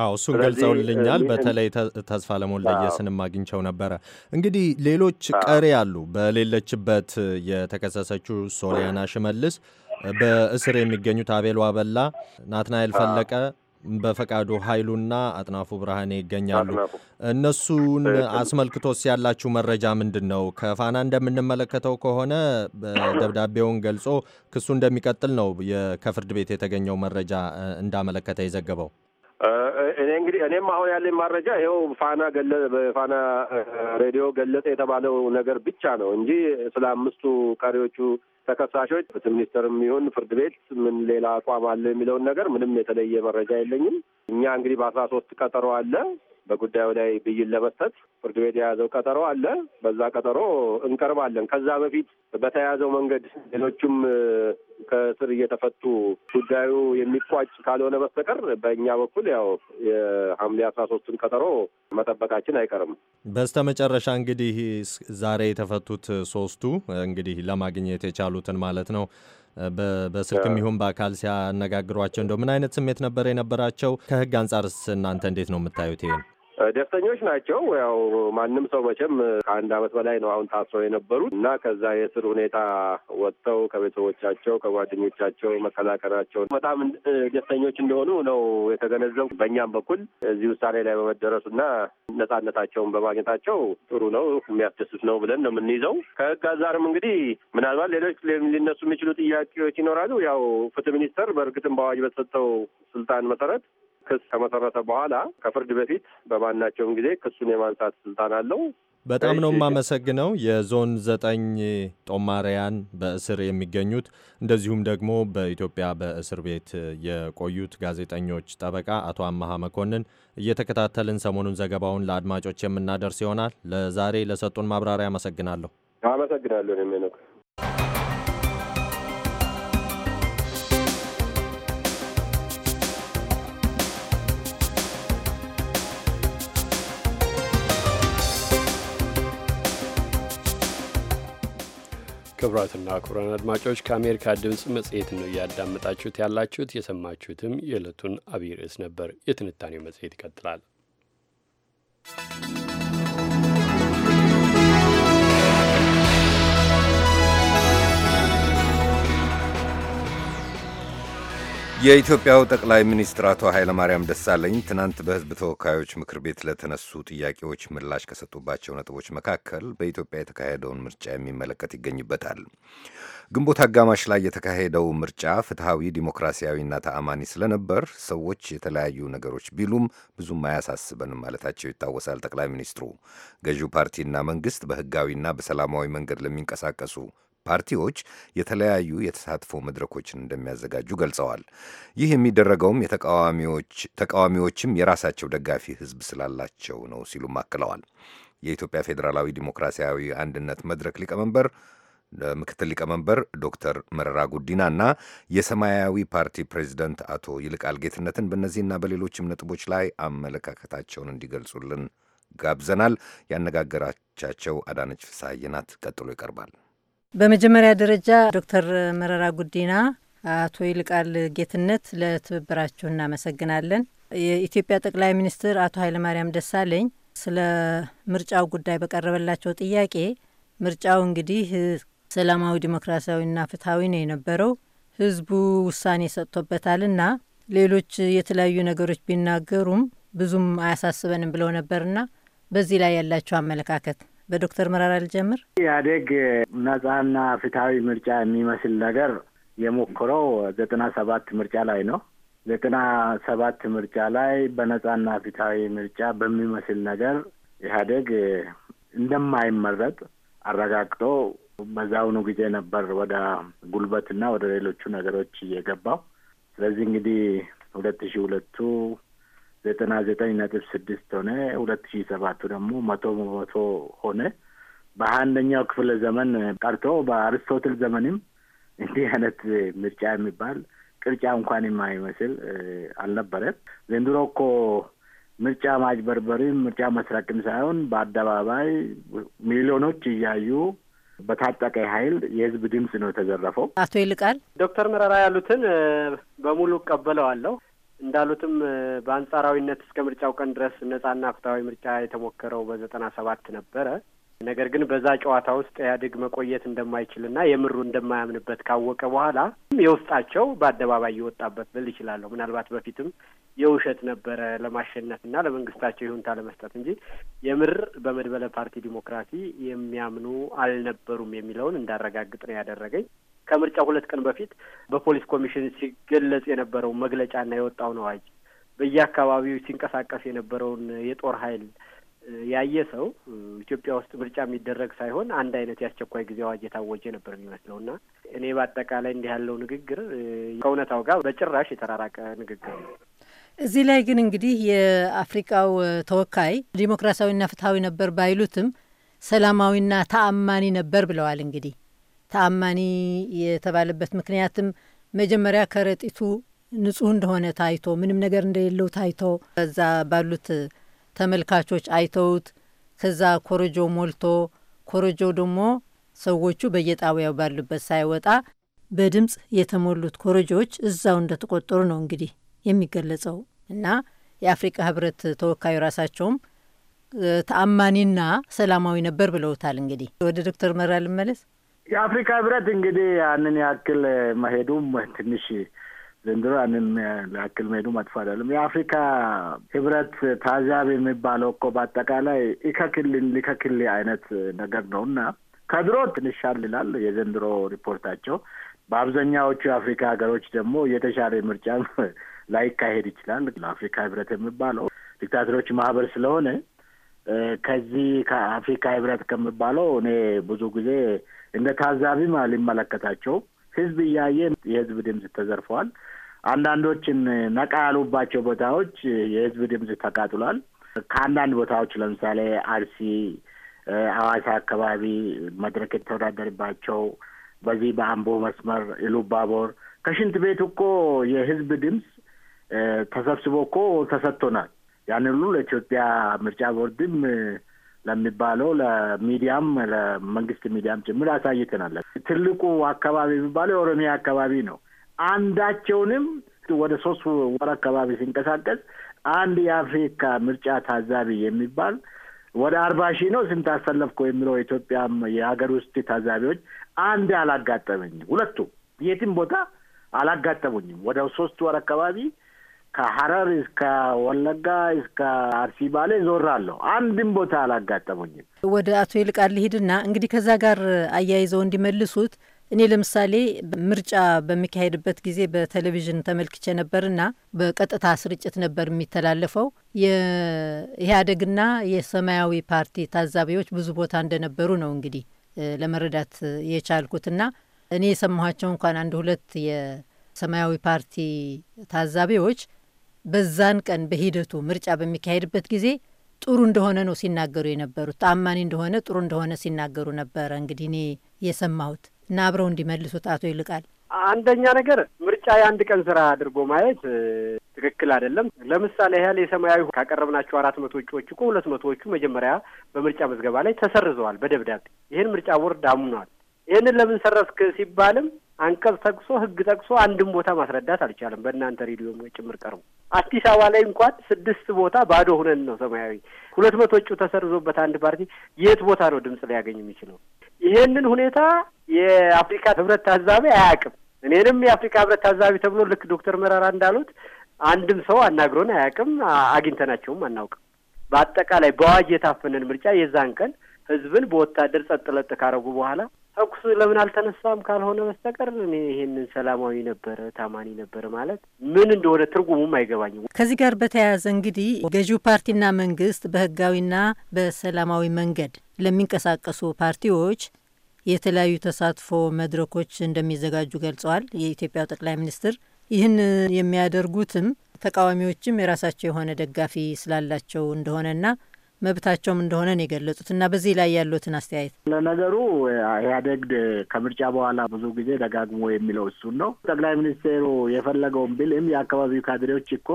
አዎ እሱን ገልጸውልኛል። በተለይ ተስፋ ለሞለየስንም አግኝቸው ነበረ እንግዲህ እንግዲህ ሌሎች ቀሪ አሉ። በሌለችበት የተከሰሰችው ሶሊያና ሽመልስ፣ በእስር የሚገኙት አቤል ዋበላ፣ ናትናኤል ፈለቀ፣ በፈቃዱ ኃይሉና አጥናፉ ብርሃኔ ይገኛሉ። እነሱን አስመልክቶስ ያላችሁ መረጃ ምንድን ነው? ከፋና እንደምንመለከተው ከሆነ ደብዳቤውን ገልጾ ክሱ እንደሚቀጥል ነው ከፍርድ ቤት የተገኘው መረጃ እንዳመለከተ የዘገበው። እኔ እንግዲህ እኔም አሁን ያለኝ ማረጃ ይኸው ፋና ገለ በፋና ሬዲዮ ገለጸ የተባለው ነገር ብቻ ነው እንጂ ስለ አምስቱ ቀሪዎቹ ተከሳሾች ፍትህ ሚኒስቴርም ይሁን ፍርድ ቤት ምን ሌላ አቋም አለ የሚለውን ነገር ምንም የተለየ መረጃ የለኝም። እኛ እንግዲህ በአስራ ሶስት ቀጠሮ አለ በጉዳዩ ላይ ብይን ለመስጠት ፍርድ ቤት የያዘው ቀጠሮ አለ። በዛ ቀጠሮ እንቀርባለን። ከዛ በፊት በተያያዘው መንገድ ሌሎቹም ከእስር እየተፈቱ ጉዳዩ የሚቋጭ ካልሆነ በስተቀር በእኛ በኩል ያው የሐምሌ አስራ ሶስቱን ቀጠሮ መጠበቃችን አይቀርም። በስተ መጨረሻ እንግዲህ ዛሬ የተፈቱት ሶስቱ እንግዲህ ለማግኘት የቻሉትን ማለት ነው በስልክም ይሁን በአካል ሲያነጋግሯቸው እንደው ምን አይነት ስሜት ነበር የነበራቸው? ከህግ አንጻርስ እናንተ እንዴት ነው የምታዩት ይሄን? ደስተኞች ናቸው። ያው ማንም ሰው መቼም ከአንድ አመት በላይ ነው አሁን ታስረው የነበሩት እና ከዛ የእስር ሁኔታ ወጥተው ከቤተሰቦቻቸው ከጓደኞቻቸው መከላከላቸው በጣም ደስተኞች እንደሆኑ ነው የተገነዘቡ። በእኛም በኩል እዚህ ውሳኔ ላይ በመደረሱና ነጻነታቸውን በማግኘታቸው ጥሩ ነው፣ የሚያስደስት ነው ብለን ነው የምንይዘው። ከህግ አዛርም እንግዲህ ምናልባት ሌሎች ሊነሱ የሚችሉ ጥያቄዎች ይኖራሉ። ያው ፍትህ ሚኒስቴር በእርግጥም በአዋጅ በተሰጠው ስልጣን መሰረት ክስ ከመሰረተ በኋላ ከፍርድ በፊት በማናቸውም ጊዜ ክሱን የማንሳት ስልጣን አለው። በጣም ነው የማመሰግነው። የዞን ዘጠኝ ጦማሪያን በእስር የሚገኙት እንደዚሁም ደግሞ በኢትዮጵያ በእስር ቤት የቆዩት ጋዜጠኞች ጠበቃ አቶ አመሃ መኮንን እየተከታተልን ሰሞኑን ዘገባውን ለአድማጮች የምናደርስ ይሆናል። ለዛሬ ለሰጡን ማብራሪያ አመሰግናለሁ። አመሰግናለሁ ክቡራትና ክቡራን አድማጮች ከአሜሪካ ድምፅ መጽሔት ነው እያዳመጣችሁት ያላችሁት። የሰማችሁትም የዕለቱን አብይ ርዕስ ነበር። የትንታኔው መጽሔት ይቀጥላል። የኢትዮጵያው ጠቅላይ ሚኒስትር አቶ ኃይለማርያም ደሳለኝ ትናንት በሕዝብ ተወካዮች ምክር ቤት ለተነሱ ጥያቄዎች ምላሽ ከሰጡባቸው ነጥቦች መካከል በኢትዮጵያ የተካሄደውን ምርጫ የሚመለከት ይገኝበታል። ግንቦት አጋማሽ ላይ የተካሄደው ምርጫ ፍትሐዊ፣ ዲሞክራሲያዊና ተአማኒ ስለነበር ሰዎች የተለያዩ ነገሮች ቢሉም ብዙም አያሳስበንም ማለታቸው ይታወሳል። ጠቅላይ ሚኒስትሩ ገዢው ፓርቲና መንግስት በህጋዊና በሰላማዊ መንገድ ለሚንቀሳቀሱ ፓርቲዎች የተለያዩ የተሳትፎ መድረኮችን እንደሚያዘጋጁ ገልጸዋል። ይህ የሚደረገውም ተቃዋሚዎችም የራሳቸው ደጋፊ ሕዝብ ስላላቸው ነው ሲሉም አክለዋል። የኢትዮጵያ ፌዴራላዊ ዲሞክራሲያዊ አንድነት መድረክ ሊቀመንበር ምክትል ሊቀመንበር ዶክተር መረራ ጉዲና እና የሰማያዊ ፓርቲ ፕሬዚደንት አቶ ይልቃል ጌትነትን በእነዚህና በሌሎችም ነጥቦች ላይ አመለካከታቸውን እንዲገልጹልን ጋብዘናል። ያነጋገራቻቸው አዳነች ፍስሐዬ ናት። ቀጥሎ ይቀርባል። በመጀመሪያ ደረጃ ዶክተር መረራ ጉዲና፣ አቶ ይልቃል ጌትነት ለትብብራችሁ እናመሰግናለን። የኢትዮጵያ ጠቅላይ ሚኒስትር አቶ ኃይለማርያም ደሳለኝ ስለ ምርጫው ጉዳይ በቀረበላቸው ጥያቄ ምርጫው እንግዲህ ሰላማዊ ዲሞክራሲያዊና ፍትሐዊ ነው የነበረው ህዝቡ ውሳኔ ሰጥቶበታልና ሌሎች የተለያዩ ነገሮች ቢናገሩም ብዙም አያሳስበንም ብለው ነበርና በዚህ ላይ ያላቸው አመለካከት በዶክተር መራራ ልጀምር። ኢህአዴግ ነጻና ፍትሐዊ ምርጫ የሚመስል ነገር የሞክረው ዘጠና ሰባት ምርጫ ላይ ነው። ዘጠና ሰባት ምርጫ ላይ በነጻና ፍትሐዊ ምርጫ በሚመስል ነገር ኢህአዴግ እንደማይመረጥ አረጋግጦ በዛውኑ ጊዜ ነበር ወደ ጉልበትና ወደ ሌሎቹ ነገሮች እየገባው። ስለዚህ እንግዲህ ሁለት ሺ ሁለቱ ዘጠና ዘጠኝ ነጥብ ስድስት ሆነ። ሁለት ሺ ሰባቱ ደግሞ መቶ በመቶ ሆነ። በአንደኛው ክፍለ ዘመን ቀርቶ በአርስቶትል ዘመንም እንዲህ አይነት ምርጫ የሚባል ቅርጫ እንኳን የማይመስል አልነበረም። ዘንድሮ እኮ ምርጫ ማጭበርበርም ምርጫ መስረቅም ሳይሆን በአደባባይ ሚሊዮኖች እያዩ በታጠቀ ኃይል የህዝብ ድምፅ ነው የተዘረፈው። አቶ ይልቃል ዶክተር መረራ ያሉትን በሙሉ እቀበለዋለሁ። እንዳሉትም በአንጻራዊነት እስከ ምርጫው ቀን ድረስ ነጻና ፍትሐዊ ምርጫ የተሞከረው በዘጠና ሰባት ነበረ። ነገር ግን በዛ ጨዋታ ውስጥ ኢህአዴግ መቆየት እንደማይችልና የምሩ እንደማያምንበት ካወቀ በኋላ የውስጣቸው በአደባባይ እየወጣበት ብል ይችላለሁ። ምናልባት በፊትም የውሸት ነበረ ለማሸነፍና ለመንግስታቸው ይሁንታ ለመስጠት እንጂ የምር በመድበለ ፓርቲ ዲሞክራሲ የሚያምኑ አልነበሩም የሚለውን እንዳረጋግጥ ነው ያደረገኝ። ከምርጫ ሁለት ቀን በፊት በፖሊስ ኮሚሽን ሲገለጽ የነበረው መግለጫና የወጣውን አዋጅ በየአካባቢው ሲንቀሳቀስ የነበረውን የጦር ኃይል ያየ ሰው ኢትዮጵያ ውስጥ ምርጫ የሚደረግ ሳይሆን አንድ አይነት የአስቸኳይ ጊዜ አዋጅ የታወጀ ነበር የሚመስለው እና እኔ በአጠቃላይ እንዲህ ያለው ንግግር ከእውነታው ጋር በጭራሽ የተራራቀ ንግግር ነው። እዚህ ላይ ግን እንግዲህ የአፍሪቃው ተወካይ ዲሞክራሲያዊና ፍትሐዊ ነበር ባይሉትም ሰላማዊና ተአማኒ ነበር ብለዋል። እንግዲህ ተአማኒ የተባለበት ምክንያትም መጀመሪያ ከረጢቱ ንጹህ እንደሆነ ታይቶ ምንም ነገር እንደሌለው ታይቶ ከዛ ባሉት ተመልካቾች አይተውት ከዛ ኮረጆ ሞልቶ ኮረጆ ደግሞ ሰዎቹ በየጣቢያው ባሉበት ሳይወጣ በድምፅ የተሞሉት ኮረጆዎች እዛው እንደተቆጠሩ ነው እንግዲህ የሚገለጸው እና የአፍሪቃ ህብረት ተወካዩ ራሳቸውም ተአማኒና ሰላማዊ ነበር ብለውታል። እንግዲህ ወደ ዶክተር መራ ልመለስ። የአፍሪካ ህብረት እንግዲህ ያንን ያክል መሄዱም ትንሽ ዘንድሮ ያንን ያክል መሄዱ መጥፎ አይደለም። የአፍሪካ ህብረት ታዛቢ የሚባለው እኮ በአጠቃላይ ኢከክልን ሊከክል አይነት ነገር ነው እና ከድሮ ትንሽ ይላል የዘንድሮ ሪፖርታቸው። በአብዛኛዎቹ የአፍሪካ ሀገሮች ደግሞ የተሻለ ምርጫ ላይካሄድ ይችላል። ለአፍሪካ ህብረት የሚባለው ዲክታተሮች ማህበር ስለሆነ ከዚህ ከአፍሪካ ህብረት ከሚባለው እኔ ብዙ ጊዜ እንደ ታዛቢም አልመለከታቸው። ህዝብ እያየ የህዝብ ድምፅ ተዘርፈዋል። አንዳንዶችን ነቃ ያሉባቸው ቦታዎች የህዝብ ድምፅ ተቃጥሏል። ከአንዳንድ ቦታዎች ለምሳሌ አርሲ፣ አዋሳ አካባቢ መድረክ የተወዳደርባቸው በዚህ በአምቦ መስመር ኢሉባቦር ከሽንት ቤት እኮ የህዝብ ድምፅ ተሰብስቦ እኮ ተሰጥቶናል። ያን ሁሉ ለኢትዮጵያ ምርጫ ቦርድም ለሚባለው ለሚዲያም ለመንግስት ሚዲያም ጭምር አሳይተናል። ትልቁ አካባቢ የሚባለው የኦሮሚያ አካባቢ ነው። አንዳቸውንም ወደ ሶስት ወር አካባቢ ሲንቀሳቀስ አንድ የአፍሪካ ምርጫ ታዛቢ የሚባል ወደ አርባ ሺህ ነው ስንት አሰለፍኩ የሚለው የኢትዮጵያም የሀገር ውስጥ ታዛቢዎች አንድ አላጋጠመኝም። ሁለቱም የትም ቦታ አላጋጠሙኝም። ወደ ሶስት ወር አካባቢ ከሀረር እስከ ወለጋ እስከ አርሲ ባሌ ዞራለሁ። አንድም ቦታ አላጋጠሙኝም። ወደ አቶ ይልቃል ሂድና እንግዲህ ከዛ ጋር አያይዘው እንዲመልሱት እኔ ለምሳሌ ምርጫ በሚካሄድበት ጊዜ በቴሌቪዥን ተመልክቼ ነበርና በቀጥታ ስርጭት ነበር የሚተላለፈው። የኢህአዴግና የሰማያዊ ፓርቲ ታዛቢዎች ብዙ ቦታ እንደነበሩ ነው እንግዲህ ለመረዳት የቻልኩትና እኔ የሰማኋቸው እንኳን አንድ ሁለት የሰማያዊ ፓርቲ ታዛቢዎች በዛን ቀን በሂደቱ ምርጫ በሚካሄድበት ጊዜ ጥሩ እንደሆነ ነው ሲናገሩ የነበሩት። ተአማኒ እንደሆነ ጥሩ እንደሆነ ሲናገሩ ነበረ። እንግዲህ እኔ የሰማሁት እና አብረው እንዲመልሱት አቶ ይልቃል። አንደኛ ነገር ምርጫ የአንድ ቀን ስራ አድርጎ ማየት ትክክል አይደለም። ለምሳሌ ያህል የሰማያዊ ካቀረብናቸው አራት መቶ እጩዎች እኮ ሁለት መቶዎቹ መጀመሪያ በምርጫ መዝገባ ላይ ተሰርዘዋል በደብዳቤ ይህን ምርጫ ቦርድ አምኗል። ይህንን ለምን ሰረዝክ ሲባልም አንቀጽ ጠቅሶ ህግ ጠቅሶ አንድም ቦታ ማስረዳት አልቻለም። በእናንተ ሬዲዮ ጭምር ቀርቡ አዲስ አበባ ላይ እንኳን ስድስት ቦታ ባዶ ሁነን ነው። ሰማያዊ ሁለት መቶ እጩ ተሰርዞበት አንድ ፓርቲ የት ቦታ ነው ድምጽ ሊያገኝ የሚችለው? ይሄንን ሁኔታ የአፍሪካ ህብረት ታዛቢ አያውቅም። እኔንም የአፍሪካ ህብረት ታዛቢ ተብሎ ልክ ዶክተር መረራ እንዳሉት አንድም ሰው አናግሮን አያውቅም። አግኝተናቸውም አናውቅም። በአጠቃላይ በአዋጅ የታፈነን ምርጫ የዛን ቀን ህዝብን በወታደር ጸጥ ለጥ ካረጉ በኋላ ተኩስ ለምን አልተነሳም ካልሆነ በስተቀር እኔ ይሄንን ሰላማዊ ነበረ ታማኒ ነበረ ማለት ምን እንደሆነ ትርጉሙም አይገባኝም። ከዚህ ጋር በተያያዘ እንግዲህ ገዢው ፓርቲና መንግስት በህጋዊና በሰላማዊ መንገድ ለሚንቀሳቀሱ ፓርቲዎች የተለያዩ ተሳትፎ መድረኮች እንደሚዘጋጁ ገልጸዋል። የኢትዮጵያው ጠቅላይ ሚኒስትር ይህን የሚያደርጉትም ተቃዋሚዎችም የራሳቸው የሆነ ደጋፊ ስላላቸው እንደሆነና መብታቸውም እንደሆነ የገለጹት እና በዚህ ላይ ያሉትን አስተያየት። ለነገሩ ኢህአዴግ ከምርጫ በኋላ ብዙ ጊዜ ደጋግሞ የሚለው እሱን ነው። ጠቅላይ ሚኒስትሩ የፈለገውን ቢልም የአካባቢው ካድሬዎች እኮ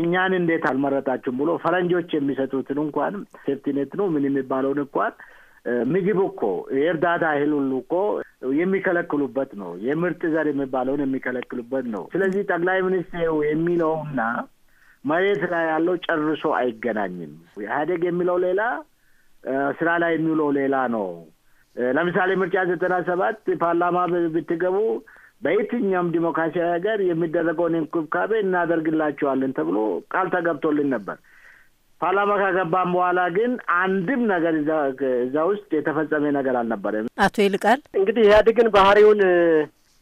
እኛን እንዴት አልመረጣችሁም ብሎ ፈረንጆች የሚሰጡትን እንኳን ሴፍቲኔት ነው ምን የሚባለውን እንኳን ምግብ እኮ የእርዳታ እህል ሁሉ እኮ የሚከለክሉበት ነው። የምርጥ ዘር የሚባለውን የሚከለክሉበት ነው። ስለዚህ ጠቅላይ ሚኒስትሩ የሚለውና መሬት ላይ ያለው ጨርሶ አይገናኝም። ኢህአዴግ የሚለው ሌላ፣ ስራ ላይ የሚውለው ሌላ ነው። ለምሳሌ ምርጫ ዘጠና ሰባት ፓርላማ ብትገቡ በየትኛውም ዲሞክራሲያዊ ሀገር የሚደረገውን እንክብካቤ እናደርግላቸዋለን ተብሎ ቃል ተገብቶልን ነበር። ፓርላማ ከገባም በኋላ ግን አንድም ነገር እዛ ውስጥ የተፈጸመ ነገር አልነበረም። አቶ ይልቃል እንግዲህ ኢህአዴግን ባህሪውን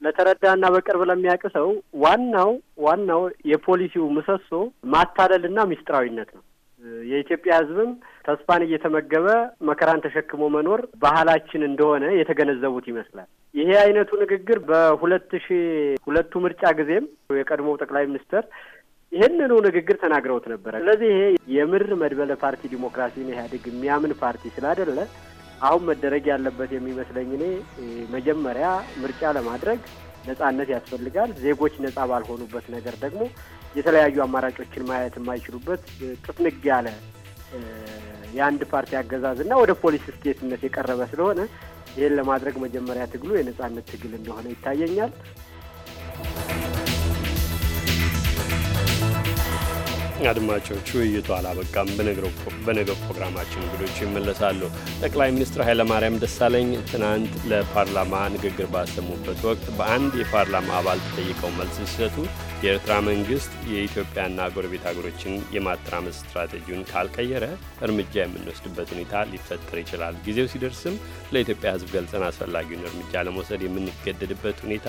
ለተረዳና በቅርብ ለሚያውቅ ሰው ዋናው ዋናው የፖሊሲው ምሰሶ ማታለልና ሚስጥራዊነት ነው። የኢትዮጵያ ሕዝብም ተስፋን እየተመገበ መከራን ተሸክሞ መኖር ባህላችን እንደሆነ የተገነዘቡት ይመስላል። ይሄ አይነቱ ንግግር በሁለት ሺ ሁለቱ ምርጫ ጊዜም የቀድሞው ጠቅላይ ሚኒስትር ይህንኑ ንግግር ተናግረውት ነበረ። ስለዚህ ይሄ የምር መድበለ ፓርቲ ዲሞክራሲን ኢህአዴግ የሚያምን ፓርቲ ስላይደለ አሁን መደረግ ያለበት የሚመስለኝ እኔ መጀመሪያ ምርጫ ለማድረግ ነጻነት ያስፈልጋል። ዜጎች ነጻ ባልሆኑበት ነገር ደግሞ የተለያዩ አማራጮችን ማየት የማይችሉበት ጥፍንግ ያለ የአንድ ፓርቲ አገዛዝና ወደ ፖሊስ ስቴትነት የቀረበ ስለሆነ ይህን ለማድረግ መጀመሪያ ትግሉ የነጻነት ትግል እንደሆነ ይታየኛል። አድማጮቹ ውይይቱ አላበቃም። በነገው ፕሮግራማችን እንግዶች ይመለሳሉ። ጠቅላይ ሚኒስትር ኃይለማርያም ደሳለኝ ትናንት ለፓርላማ ንግግር ባሰሙበት ወቅት በአንድ የፓርላማ አባል ተጠይቀው መልስ ሲሰጡ የኤርትራ መንግስት የኢትዮጵያና ጎረቤት ሀገሮችን የማተራመስ ስትራቴጂውን ካልቀየረ እርምጃ የምንወስድበት ሁኔታ ሊፈጠር ይችላል፣ ጊዜው ሲደርስም ለኢትዮጵያ ሕዝብ ገልጸን አስፈላጊውን እርምጃ ለመውሰድ የምንገደድበት ሁኔታ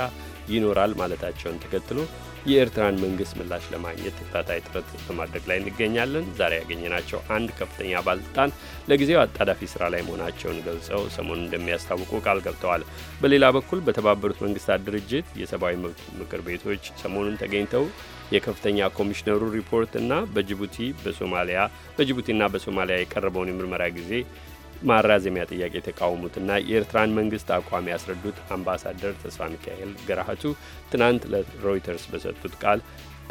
ይኖራል ማለታቸውን ተከትሎ የኤርትራን መንግስት ምላሽ ለማግኘት ተከታታይ ጥረት በማድረግ ላይ እንገኛለን። ዛሬ ያገኘናቸው አንድ ከፍተኛ ባለስልጣን ለጊዜው አጣዳፊ ስራ ላይ መሆናቸውን ገልጸው ሰሞኑን እንደሚያስታውቁ ቃል ገብተዋል። በሌላ በኩል በተባበሩት መንግስታት ድርጅት የሰብአዊ መብት ምክር ቤቶች ሰሞኑን ተገኝተው የከፍተኛ ኮሚሽነሩ ሪፖርት እና በጅቡቲ በሶማሊያ በጅቡቲና በሶማሊያ የቀረበውን የምርመራ ጊዜ ማራዘሚያ ጥያቄ የተቃወሙትና የኤርትራን መንግስት አቋም ያስረዱት አምባሳደር ተስፋ ሚካኤል ገራሃቱ ትናንት ለሮይተርስ በሰጡት ቃል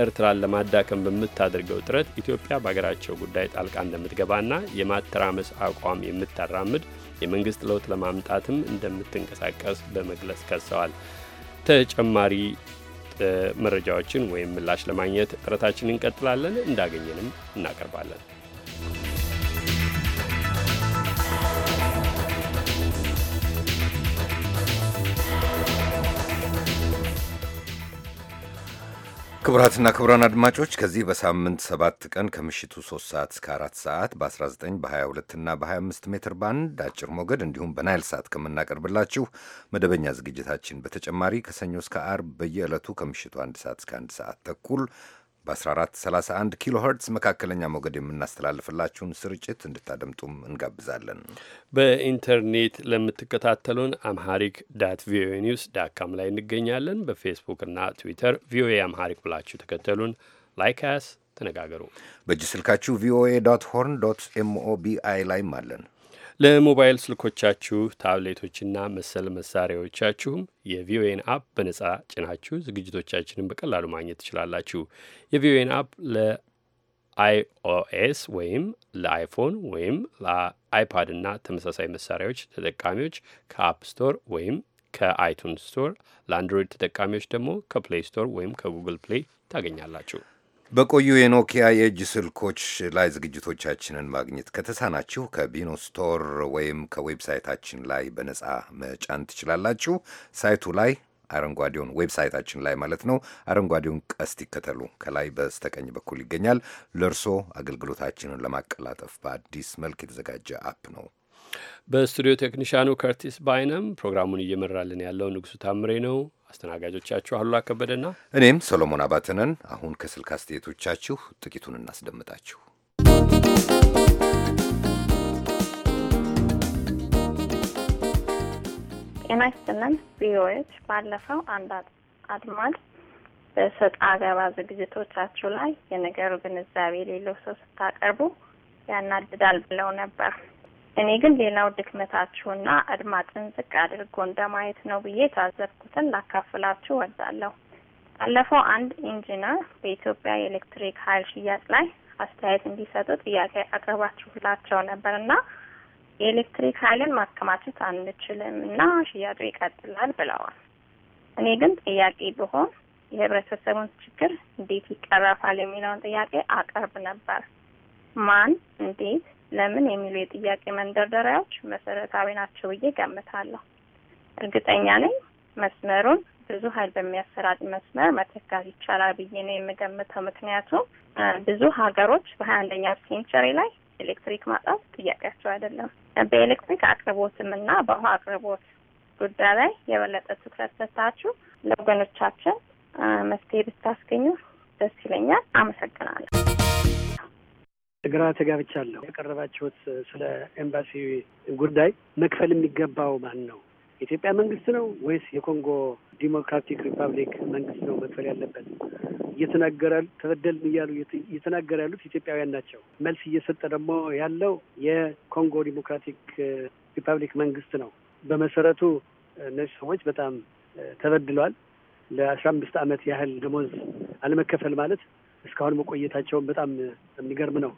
ኤርትራን ለማዳከም በምታደርገው ጥረት ኢትዮጵያ በሀገራቸው ጉዳይ ጣልቃ እንደምትገባና የማተራመስ አቋም የምታራምድ የመንግስት ለውጥ ለማምጣትም እንደምትንቀሳቀስ በመግለጽ ከሰዋል። ተጨማሪ መረጃዎችን ወይም ምላሽ ለማግኘት ጥረታችንን እንቀጥላለን። እንዳገኘንም እናቀርባለን። ክቡራትና ክቡራን አድማጮች ከዚህ በሳምንት ሰባት ቀን ከምሽቱ 3 ሰዓት እስከ 4 ሰዓት በ19 በ22 እና በ25 ሜትር ባንድ አጭር ሞገድ እንዲሁም በናይል ሰዓት ከምናቀርብላችሁ መደበኛ ዝግጅታችን በተጨማሪ ከሰኞ እስከ አርብ በየዕለቱ ከምሽቱ 1 ሰዓት እስከ 1 ሰዓት ተኩል በ1431 ኪሎ ኸርትዝ መካከለኛ ሞገድ የምናስተላልፍላችሁን ስርጭት እንድታደምጡም እንጋብዛለን። በኢንተርኔት ለምትከታተሉን አምሃሪክ ዳት ቪኦኤ ኒውስ ዳካም ላይ እንገኛለን። በፌስቡክ እና ትዊተር ቪኦኤ አምሃሪክ ብላችሁ ተከተሉን። ላይክ ያስ ተነጋገሩ። በእጅ ስልካችሁ ቪኦኤ ዶት ሆርን ዶት ኤምኦቢአይ ላይም አለን። ለሞባይል ስልኮቻችሁ ታብሌቶችና መሰል መሳሪያዎቻችሁም የቪኦኤን አፕ በነጻ ጭናችሁ ዝግጅቶቻችንን በቀላሉ ማግኘት ትችላላችሁ። የቪኦኤን አፕ ለአይኦኤስ ወይም ለአይፎን ወይም ለአይፓድ እና ተመሳሳይ መሳሪያዎች ተጠቃሚዎች ከአፕ ስቶር ወይም ከአይቱን ስቶር፣ ለአንድሮይድ ተጠቃሚዎች ደግሞ ከፕሌይ ስቶር ወይም ከጉግል ፕሌይ ታገኛላችሁ። በቆዩ የኖኪያ የእጅ ስልኮች ላይ ዝግጅቶቻችንን ማግኘት ከተሳናችሁ ከቢኖ ስቶር ወይም ከዌብሳይታችን ላይ በነጻ መጫን ትችላላችሁ። ሳይቱ ላይ አረንጓዴውን ዌብሳይታችን ላይ ማለት ነው። አረንጓዴውን ቀስት ይከተሉ። ከላይ በስተቀኝ በኩል ይገኛል። ለእርሶ አገልግሎታችንን ለማቀላጠፍ በአዲስ መልክ የተዘጋጀ አፕ ነው። በስቱዲዮ ቴክኒሻኑ ከርቲስ ባይነም፣ ፕሮግራሙን እየመራልን ያለው ንጉሱ ታምሬ ነው። አስተናጋጆቻችሁ አሉላ ከበደና እኔም ሰሎሞን አባተነን። አሁን ከስልክ አስተያየቶቻችሁ ጥቂቱን እናስደምጣችሁ። ጤና ይስጥልን ቪኦኤዎች። ባለፈው አንድ አድማጭ በሰጥ አገባ ዝግጅቶቻችሁ ላይ የነገሩ ግንዛቤ የሌለው ሰው ስታቀርቡ ያናድዳል ብለው ነበር። እኔ ግን ሌላው ድክመታችሁና አድማጭን ዝቅ አድርጎ እንደማየት ነው ብዬ የታዘብኩትን ላካፍላችሁ ወዳለሁ። ባለፈው አንድ ኢንጂነር በኢትዮጵያ የኤሌክትሪክ ኃይል ሽያጭ ላይ አስተያየት እንዲሰጡ ጥያቄ አቅርባችሁላቸው ነበር የኤሌክትሪክ ኃይልን ማከማቸት አንችልም እና ሽያጩ ይቀጥላል ብለዋል። እኔ ግን ጥያቄ ብሆን የህብረተሰቡን ችግር እንዴት ይቀረፋል የሚለውን ጥያቄ አቅርብ ነበር። ማን፣ እንዴት ለምን የሚሉ የጥያቄ መንደርደሪያዎች መሰረታዊ ናቸው ብዬ ገምታለሁ። እርግጠኛ ነኝ መስመሩን ብዙ ኃይል በሚያሰራጭ መስመር መተካት ይቻላል ብዬ ነው የምገምተው። ምክንያቱም ብዙ ሀገሮች በሀያ አንደኛ ሴንቸሪ ላይ ኤሌክትሪክ ማጣት ጥያቄያቸው አይደለም። በኤሌክትሪክ አቅርቦትም እና በውሃ አቅርቦት ጉዳይ ላይ የበለጠ ትኩረት ሰጥታችሁ ለወገኖቻችን መፍትሄ ብታስገኙ ደስ ይለኛል። አመሰግናለሁ። ግራ ተጋብቻለሁ። ያቀረባችሁት ስለ ኤምባሲ ጉዳይ መክፈል የሚገባው ማን ነው? የኢትዮጵያ መንግስት ነው ወይስ የኮንጎ ዲሞክራቲክ ሪፐብሊክ መንግስት ነው መክፈል ያለበት? እየተናገረ ተበደልን እያሉ እየተናገረ ያሉት ኢትዮጵያውያን ናቸው። መልስ እየሰጠ ደግሞ ያለው የኮንጎ ዲሞክራቲክ ሪፐብሊክ መንግስት ነው። በመሰረቱ እነዚህ ሰዎች በጣም ተበድለዋል። ለአስራ አምስት ዓመት ያህል ደሞዝ አለመከፈል ማለት እስካሁን መቆየታቸውን በጣም የሚገርም ነው።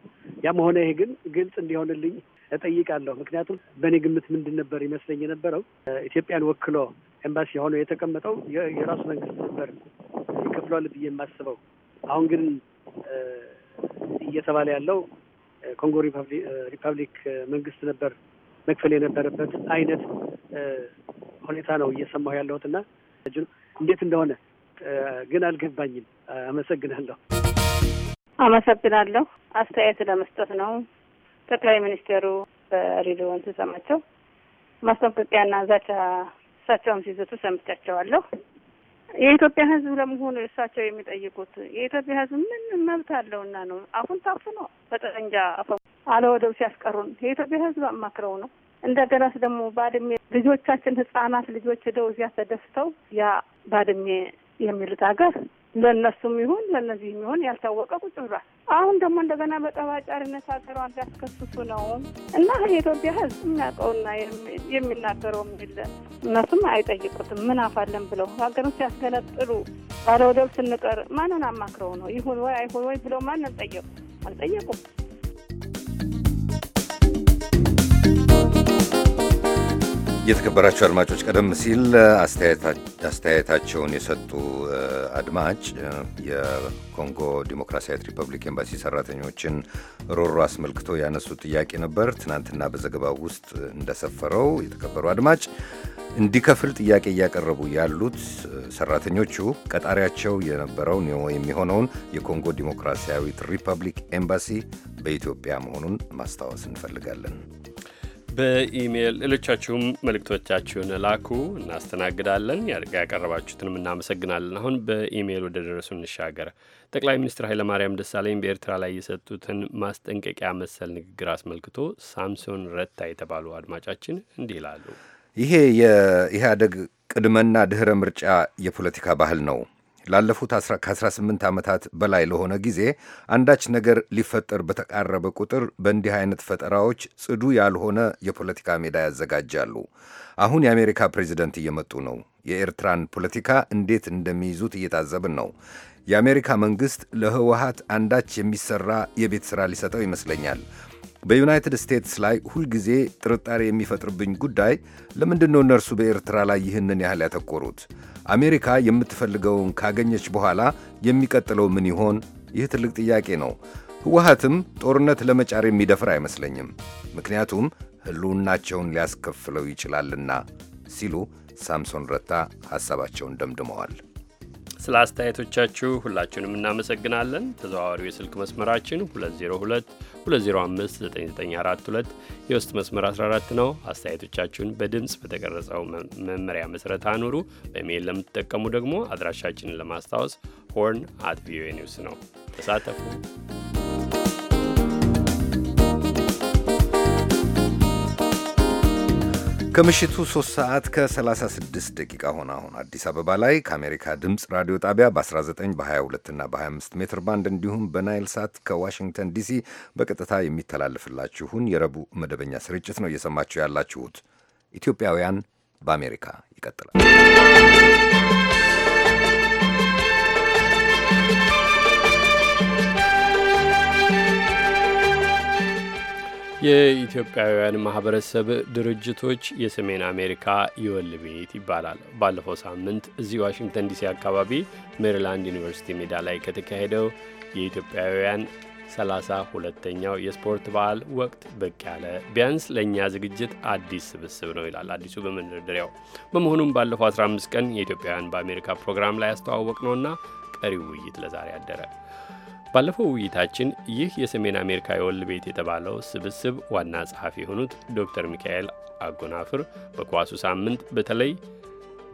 ያም ሆነ ይሄ ግን ግልጽ እንዲሆንልኝ እጠይቃለሁ። ምክንያቱም በእኔ ግምት ምንድን ነበር ይመስለኝ የነበረው ኢትዮጵያን ወክሎ ኤምባሲ ሆኖ የተቀመጠው የራሱ መንግስት ነበር ይከፍሏል ብዬ የማስበው። አሁን ግን እየተባለ ያለው ኮንጎ ሪፐብሊክ መንግስት ነበር መክፈል የነበረበት አይነት ሁኔታ ነው እየሰማሁ ያለሁት እና እንዴት እንደሆነ ግን አልገባኝም። አመሰግናለሁ። አመሰግናለሁ። አስተያየት ለመስጠት ነው። ጠቅላይ ሚኒስትሩ በሬዲዮን ስሰማቸው ማስጠንቀቂያና ዛቻ እሳቸውም ሲዘቱ ሰምቻቸዋለሁ። የኢትዮጵያ ሕዝብ ለመሆኑ እሳቸው የሚጠይቁት የኢትዮጵያ ሕዝብ ምን መብት አለውና ነው? አሁን ታፍኖ በጠመንጃ አፈ አለ ሲያስቀሩን የኢትዮጵያ ሕዝብ አማክረው ነው። እንደገናስ ደግሞ ባድሜ ልጆቻችን ህጻናት ልጆች ሄደው እዚያ ተደስተው ያ ባድሜ የሚሉት ሀገር ለእነሱም ይሁን ለእነዚህም ይሁን ያልታወቀ ቁጭ ብሏል። አሁን ደግሞ እንደገና በጠባጫሪነት ሀገሯን እንዳስከስሱ ነው እና የኢትዮጵያ ሕዝብ የሚያውቀውና የሚናገረውም የሚለ እነሱም አይጠይቁትም። ምን አፋለን ብለው ሀገሩን ሲያስገነጥሉ ባለወደብ ስንቀር ማንን አማክረው ነው ይሁን ወይ አይሁን ወይ ብለው ማንን ጠየቁ? አልጠየቁም። የተከበራቸው አድማጮች ቀደም ሲል አስተያየታቸውን የሰጡ አድማጭ የኮንጎ ዲሞክራሲያዊት ሪፐብሊክ ኤምባሲ ሰራተኞችን ሮሮ አስመልክቶ ያነሱ ጥያቄ ነበር። ትናንትና በዘገባው ውስጥ እንደሰፈረው የተከበሩ አድማጭ እንዲከፍል ጥያቄ እያቀረቡ ያሉት ሰራተኞቹ ቀጣሪያቸው የነበረውን የሚሆነውን የኮንጎ ዲሞክራሲያዊት ሪፐብሊክ ኤምባሲ በኢትዮጵያ መሆኑን ማስታወስ እንፈልጋለን። በኢሜይል ሌሎቻችሁም መልእክቶቻችሁን ላኩ፣ እናስተናግዳለን። ያቀረባችሁትንም እናመሰግናለን። አሁን በኢሜይል ወደ ደረሱ እንሻገር። ጠቅላይ ሚኒስትር ኃይለማርያም ደሳለኝ በኤርትራ ላይ የሰጡትን ማስጠንቀቂያ መሰል ንግግር አስመልክቶ ሳምሶን ረታ የተባሉ አድማጫችን እንዲህ ይላሉ። ይሄ የኢህአደግ ቅድመና ድህረ ምርጫ የፖለቲካ ባህል ነው። ላለፉት ከ18 ዓመታት በላይ ለሆነ ጊዜ አንዳች ነገር ሊፈጠር በተቃረበ ቁጥር በእንዲህ አይነት ፈጠራዎች ጽዱ ያልሆነ የፖለቲካ ሜዳ ያዘጋጃሉ። አሁን የአሜሪካ ፕሬዚደንት እየመጡ ነው። የኤርትራን ፖለቲካ እንዴት እንደሚይዙት እየታዘብን ነው። የአሜሪካ መንግሥት ለህወሀት አንዳች የሚሠራ የቤት ሥራ ሊሰጠው ይመስለኛል። በዩናይትድ ስቴትስ ላይ ሁልጊዜ ጥርጣሬ የሚፈጥርብኝ ጉዳይ ለምንድን ነው እነርሱ በኤርትራ ላይ ይህንን ያህል ያተኮሩት? አሜሪካ የምትፈልገውን ካገኘች በኋላ የሚቀጥለው ምን ይሆን? ይህ ትልቅ ጥያቄ ነው። ህወሀትም ጦርነት ለመጫር የሚደፍር አይመስለኝም፣ ምክንያቱም ህልውናቸውን ሊያስከፍለው ይችላልና ሲሉ ሳምሶን ረታ ሐሳባቸውን ደምድመዋል። ስለ አስተያየቶቻችሁ ሁላችሁንም እናመሰግናለን። ተዘዋዋሪው የስልክ መስመራችን 2022059942 የውስጥ መስመር 14 ነው። አስተያየቶቻችሁን በድምፅ በተቀረጸው መመሪያ መሰረት አኑሩ። በኢሜይል ለምትጠቀሙ ደግሞ አድራሻችንን ለማስታወስ ሆርን አት ቪኦኤ ኒውስ ነው። ተሳተፉ። ከምሽቱ 3 ሰዓት ከ36 ደቂቃ ሆነ። አሁን አዲስ አበባ ላይ ከአሜሪካ ድምፅ ራዲዮ ጣቢያ በ19 በ22 እና በ25 ሜትር ባንድ እንዲሁም በናይል ሳት ከዋሽንግተን ዲሲ በቀጥታ የሚተላለፍላችሁን የረቡዕ መደበኛ ስርጭት ነው እየሰማችሁ ያላችሁት። ኢትዮጵያውያን በአሜሪካ ይቀጥላል። የኢትዮጵያውያን ማህበረሰብ ድርጅቶች የሰሜን አሜሪካ የወል ቤት ይባላል። ባለፈው ሳምንት እዚህ ዋሽንግተን ዲሲ አካባቢ ሜሪላንድ ዩኒቨርሲቲ ሜዳ ላይ ከተካሄደው የኢትዮጵያውያን ሰላሳ ሁለተኛው የስፖርት በዓል ወቅት ብቅ ያለ ቢያንስ ለእኛ ዝግጅት አዲስ ስብስብ ነው ይላል አዲሱ በመንደርደሪያው። በመሆኑም ባለፈው 15 ቀን የኢትዮጵያውያን በአሜሪካ ፕሮግራም ላይ ያስተዋወቅ ነውና ቀሪው ውይይት ለዛሬ አደረ። ባለፈው ውይይታችን ይህ የሰሜን አሜሪካ የወል ቤት የተባለው ስብስብ ዋና ጸሐፊ የሆኑት ዶክተር ሚካኤል አጎናፍር በኳሱ ሳምንት በተለይ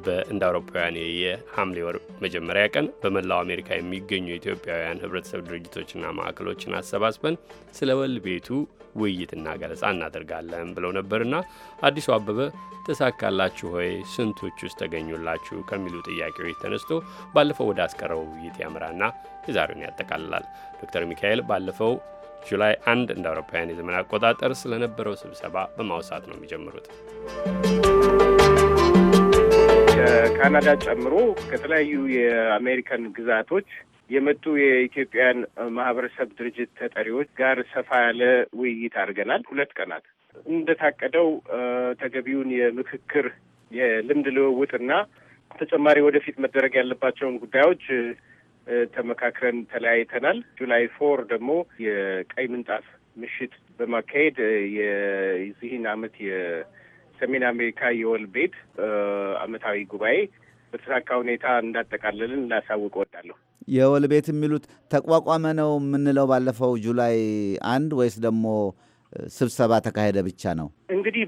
በእንደ አውሮፓውያን የሐምሌ ወር መጀመሪያ ቀን በመላው አሜሪካ የሚገኙ የኢትዮጵያውያን ህብረተሰብ ድርጅቶችና ማዕከሎችን አሰባስበን ስለ ወል ቤቱ ውይይትና ገለጻ እናደርጋለን ብለው ነበርና አዲሱ አበበ ተሳካላችሁ ሆይ ስንቶች ውስጥ ተገኙላችሁ ከሚሉ ጥያቄዎች ተነስቶ ባለፈው ወደ አስቀረው ውይይት ያምራና የዛሬውን ያጠቃልላል። ዶክተር ሚካኤል ባለፈው ጁላይ አንድ እንደ አውሮፓውያን የዘመን አቆጣጠር ስለነበረው ስብሰባ በማውሳት ነው የሚጀምሩት። ከካናዳ ጨምሮ ከተለያዩ የአሜሪካን ግዛቶች የመጡ የኢትዮጵያን ማህበረሰብ ድርጅት ተጠሪዎች ጋር ሰፋ ያለ ውይይት አድርገናል። ሁለት ቀናት እንደታቀደው ተገቢውን የምክክር የልምድ ልውውጥና ተጨማሪ ወደፊት መደረግ ያለባቸውን ጉዳዮች ተመካክረን ተለያይተናል። ጁላይ ፎር ደግሞ የቀይ ምንጣፍ ምሽት በማካሄድ የዚህን አመት የሰሜን አሜሪካ የወል ቤት አመታዊ ጉባኤ በተሳካ ሁኔታ እንዳጠቃለልን ላሳውቅ እወዳለሁ። የወል ቤት የሚሉት ተቋቋመ ነው የምንለው ባለፈው ጁላይ አንድ ወይስ ደግሞ ስብሰባ ተካሄደ ብቻ ነው? እንግዲህ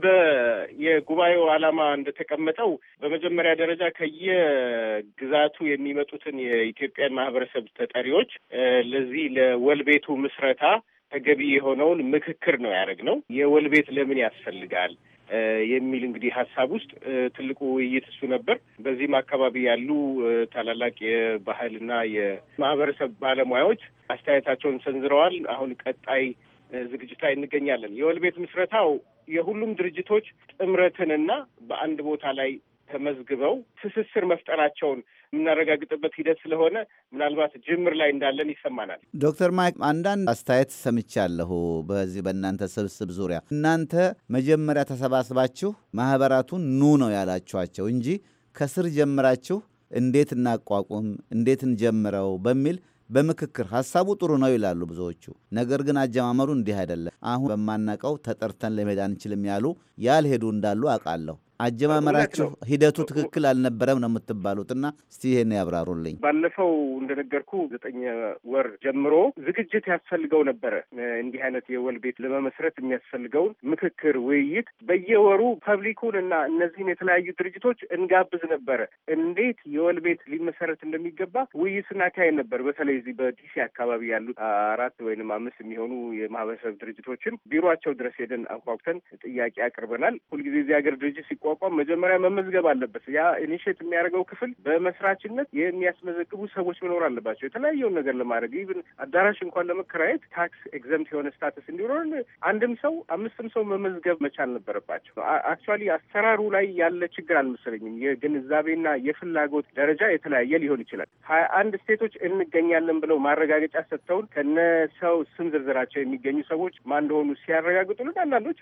የጉባኤው ዓላማ እንደተቀመጠው በመጀመሪያ ደረጃ ከየግዛቱ የሚመጡትን የኢትዮጵያን ማህበረሰብ ተጠሪዎች ለዚህ ለወል ቤቱ ምስረታ ተገቢ የሆነውን ምክክር ነው ያደረግነው። የወል ቤት ለምን ያስፈልጋል? የሚል እንግዲህ ሀሳብ ውስጥ ትልቁ ውይይት እሱ ነበር። በዚህም አካባቢ ያሉ ታላላቅ የባህልና የማህበረሰብ ባለሙያዎች አስተያየታቸውን ሰንዝረዋል። አሁን ቀጣይ ዝግጅት ላይ እንገኛለን። የወልቤት ምስረታው የሁሉም ድርጅቶች ጥምረትንና በአንድ ቦታ ላይ ተመዝግበው ትስስር መፍጠራቸውን የምናረጋግጥበት ሂደት ስለሆነ ምናልባት ጅምር ላይ እንዳለን ይሰማናል። ዶክተር ማይክ አንዳንድ አስተያየት ሰምቻለሁ በዚህ በእናንተ ስብስብ ዙሪያ እናንተ መጀመሪያ ተሰባስባችሁ ማህበራቱን ኑ ነው ያላችኋቸው እንጂ ከስር ጀምራችሁ እንዴት እናቋቁም፣ እንዴት እንጀምረው በሚል በምክክር ሀሳቡ ጥሩ ነው ይላሉ ብዙዎቹ። ነገር ግን አጀማመሩ እንዲህ አይደለም። አሁን በማናቀው ተጠርተን ለመሄድ አንችልም ያሉ ያልሄዱ እንዳሉ አውቃለሁ። አጀማመራችሁ ሂደቱ ትክክል አልነበረም ነው የምትባሉት እና እስቲ ይሄን ያብራሩልኝ። ባለፈው እንደነገርኩ ዘጠኝ ወር ጀምሮ ዝግጅት ያስፈልገው ነበረ። እንዲህ አይነት የወል ቤት ለመመስረት የሚያስፈልገውን ምክክር፣ ውይይት በየወሩ ፐብሊኩን እና እነዚህን የተለያዩ ድርጅቶች እንጋብዝ ነበረ። እንዴት የወል ቤት ሊመሰረት እንደሚገባ ውይይት ስናካሄድ ነበር። በተለይ እዚህ በዲሲ አካባቢ ያሉት አራት ወይንም አምስት የሚሆኑ የማህበረሰብ ድርጅቶችን ቢሮቸው ድረስ ሄደን አንኳኩተን ጥያቄ አቅርበናል። ሁልጊዜ እዚህ ሀገር ድርጅት ሲቆ እንዲቋቋም መጀመሪያ መመዝገብ አለበት። ያ ኢኒሽት የሚያደርገው ክፍል በመስራችነት የሚያስመዘግቡ ሰዎች መኖር አለባቸው። የተለያየውን ነገር ለማድረግ ኢቭን አዳራሽ እንኳን ለመከራየት ታክስ ኤግዘምት የሆነ ስታትስ እንዲኖረን አንድም ሰው አምስትም ሰው መመዝገብ መቻል ነበረባቸው። አክቹዋሊ አሰራሩ ላይ ያለ ችግር አልመሰለኝም። የግንዛቤና የፍላጎት ደረጃ የተለያየ ሊሆን ይችላል። ሀያ አንድ ስቴቶች እንገኛለን ብለው ማረጋገጫ ሰጥተውን ከነ ሰው ስም ዝርዝራቸው የሚገኙ ሰዎች ማን እንደሆኑ ሲያረጋግጡልን አንዳንዶች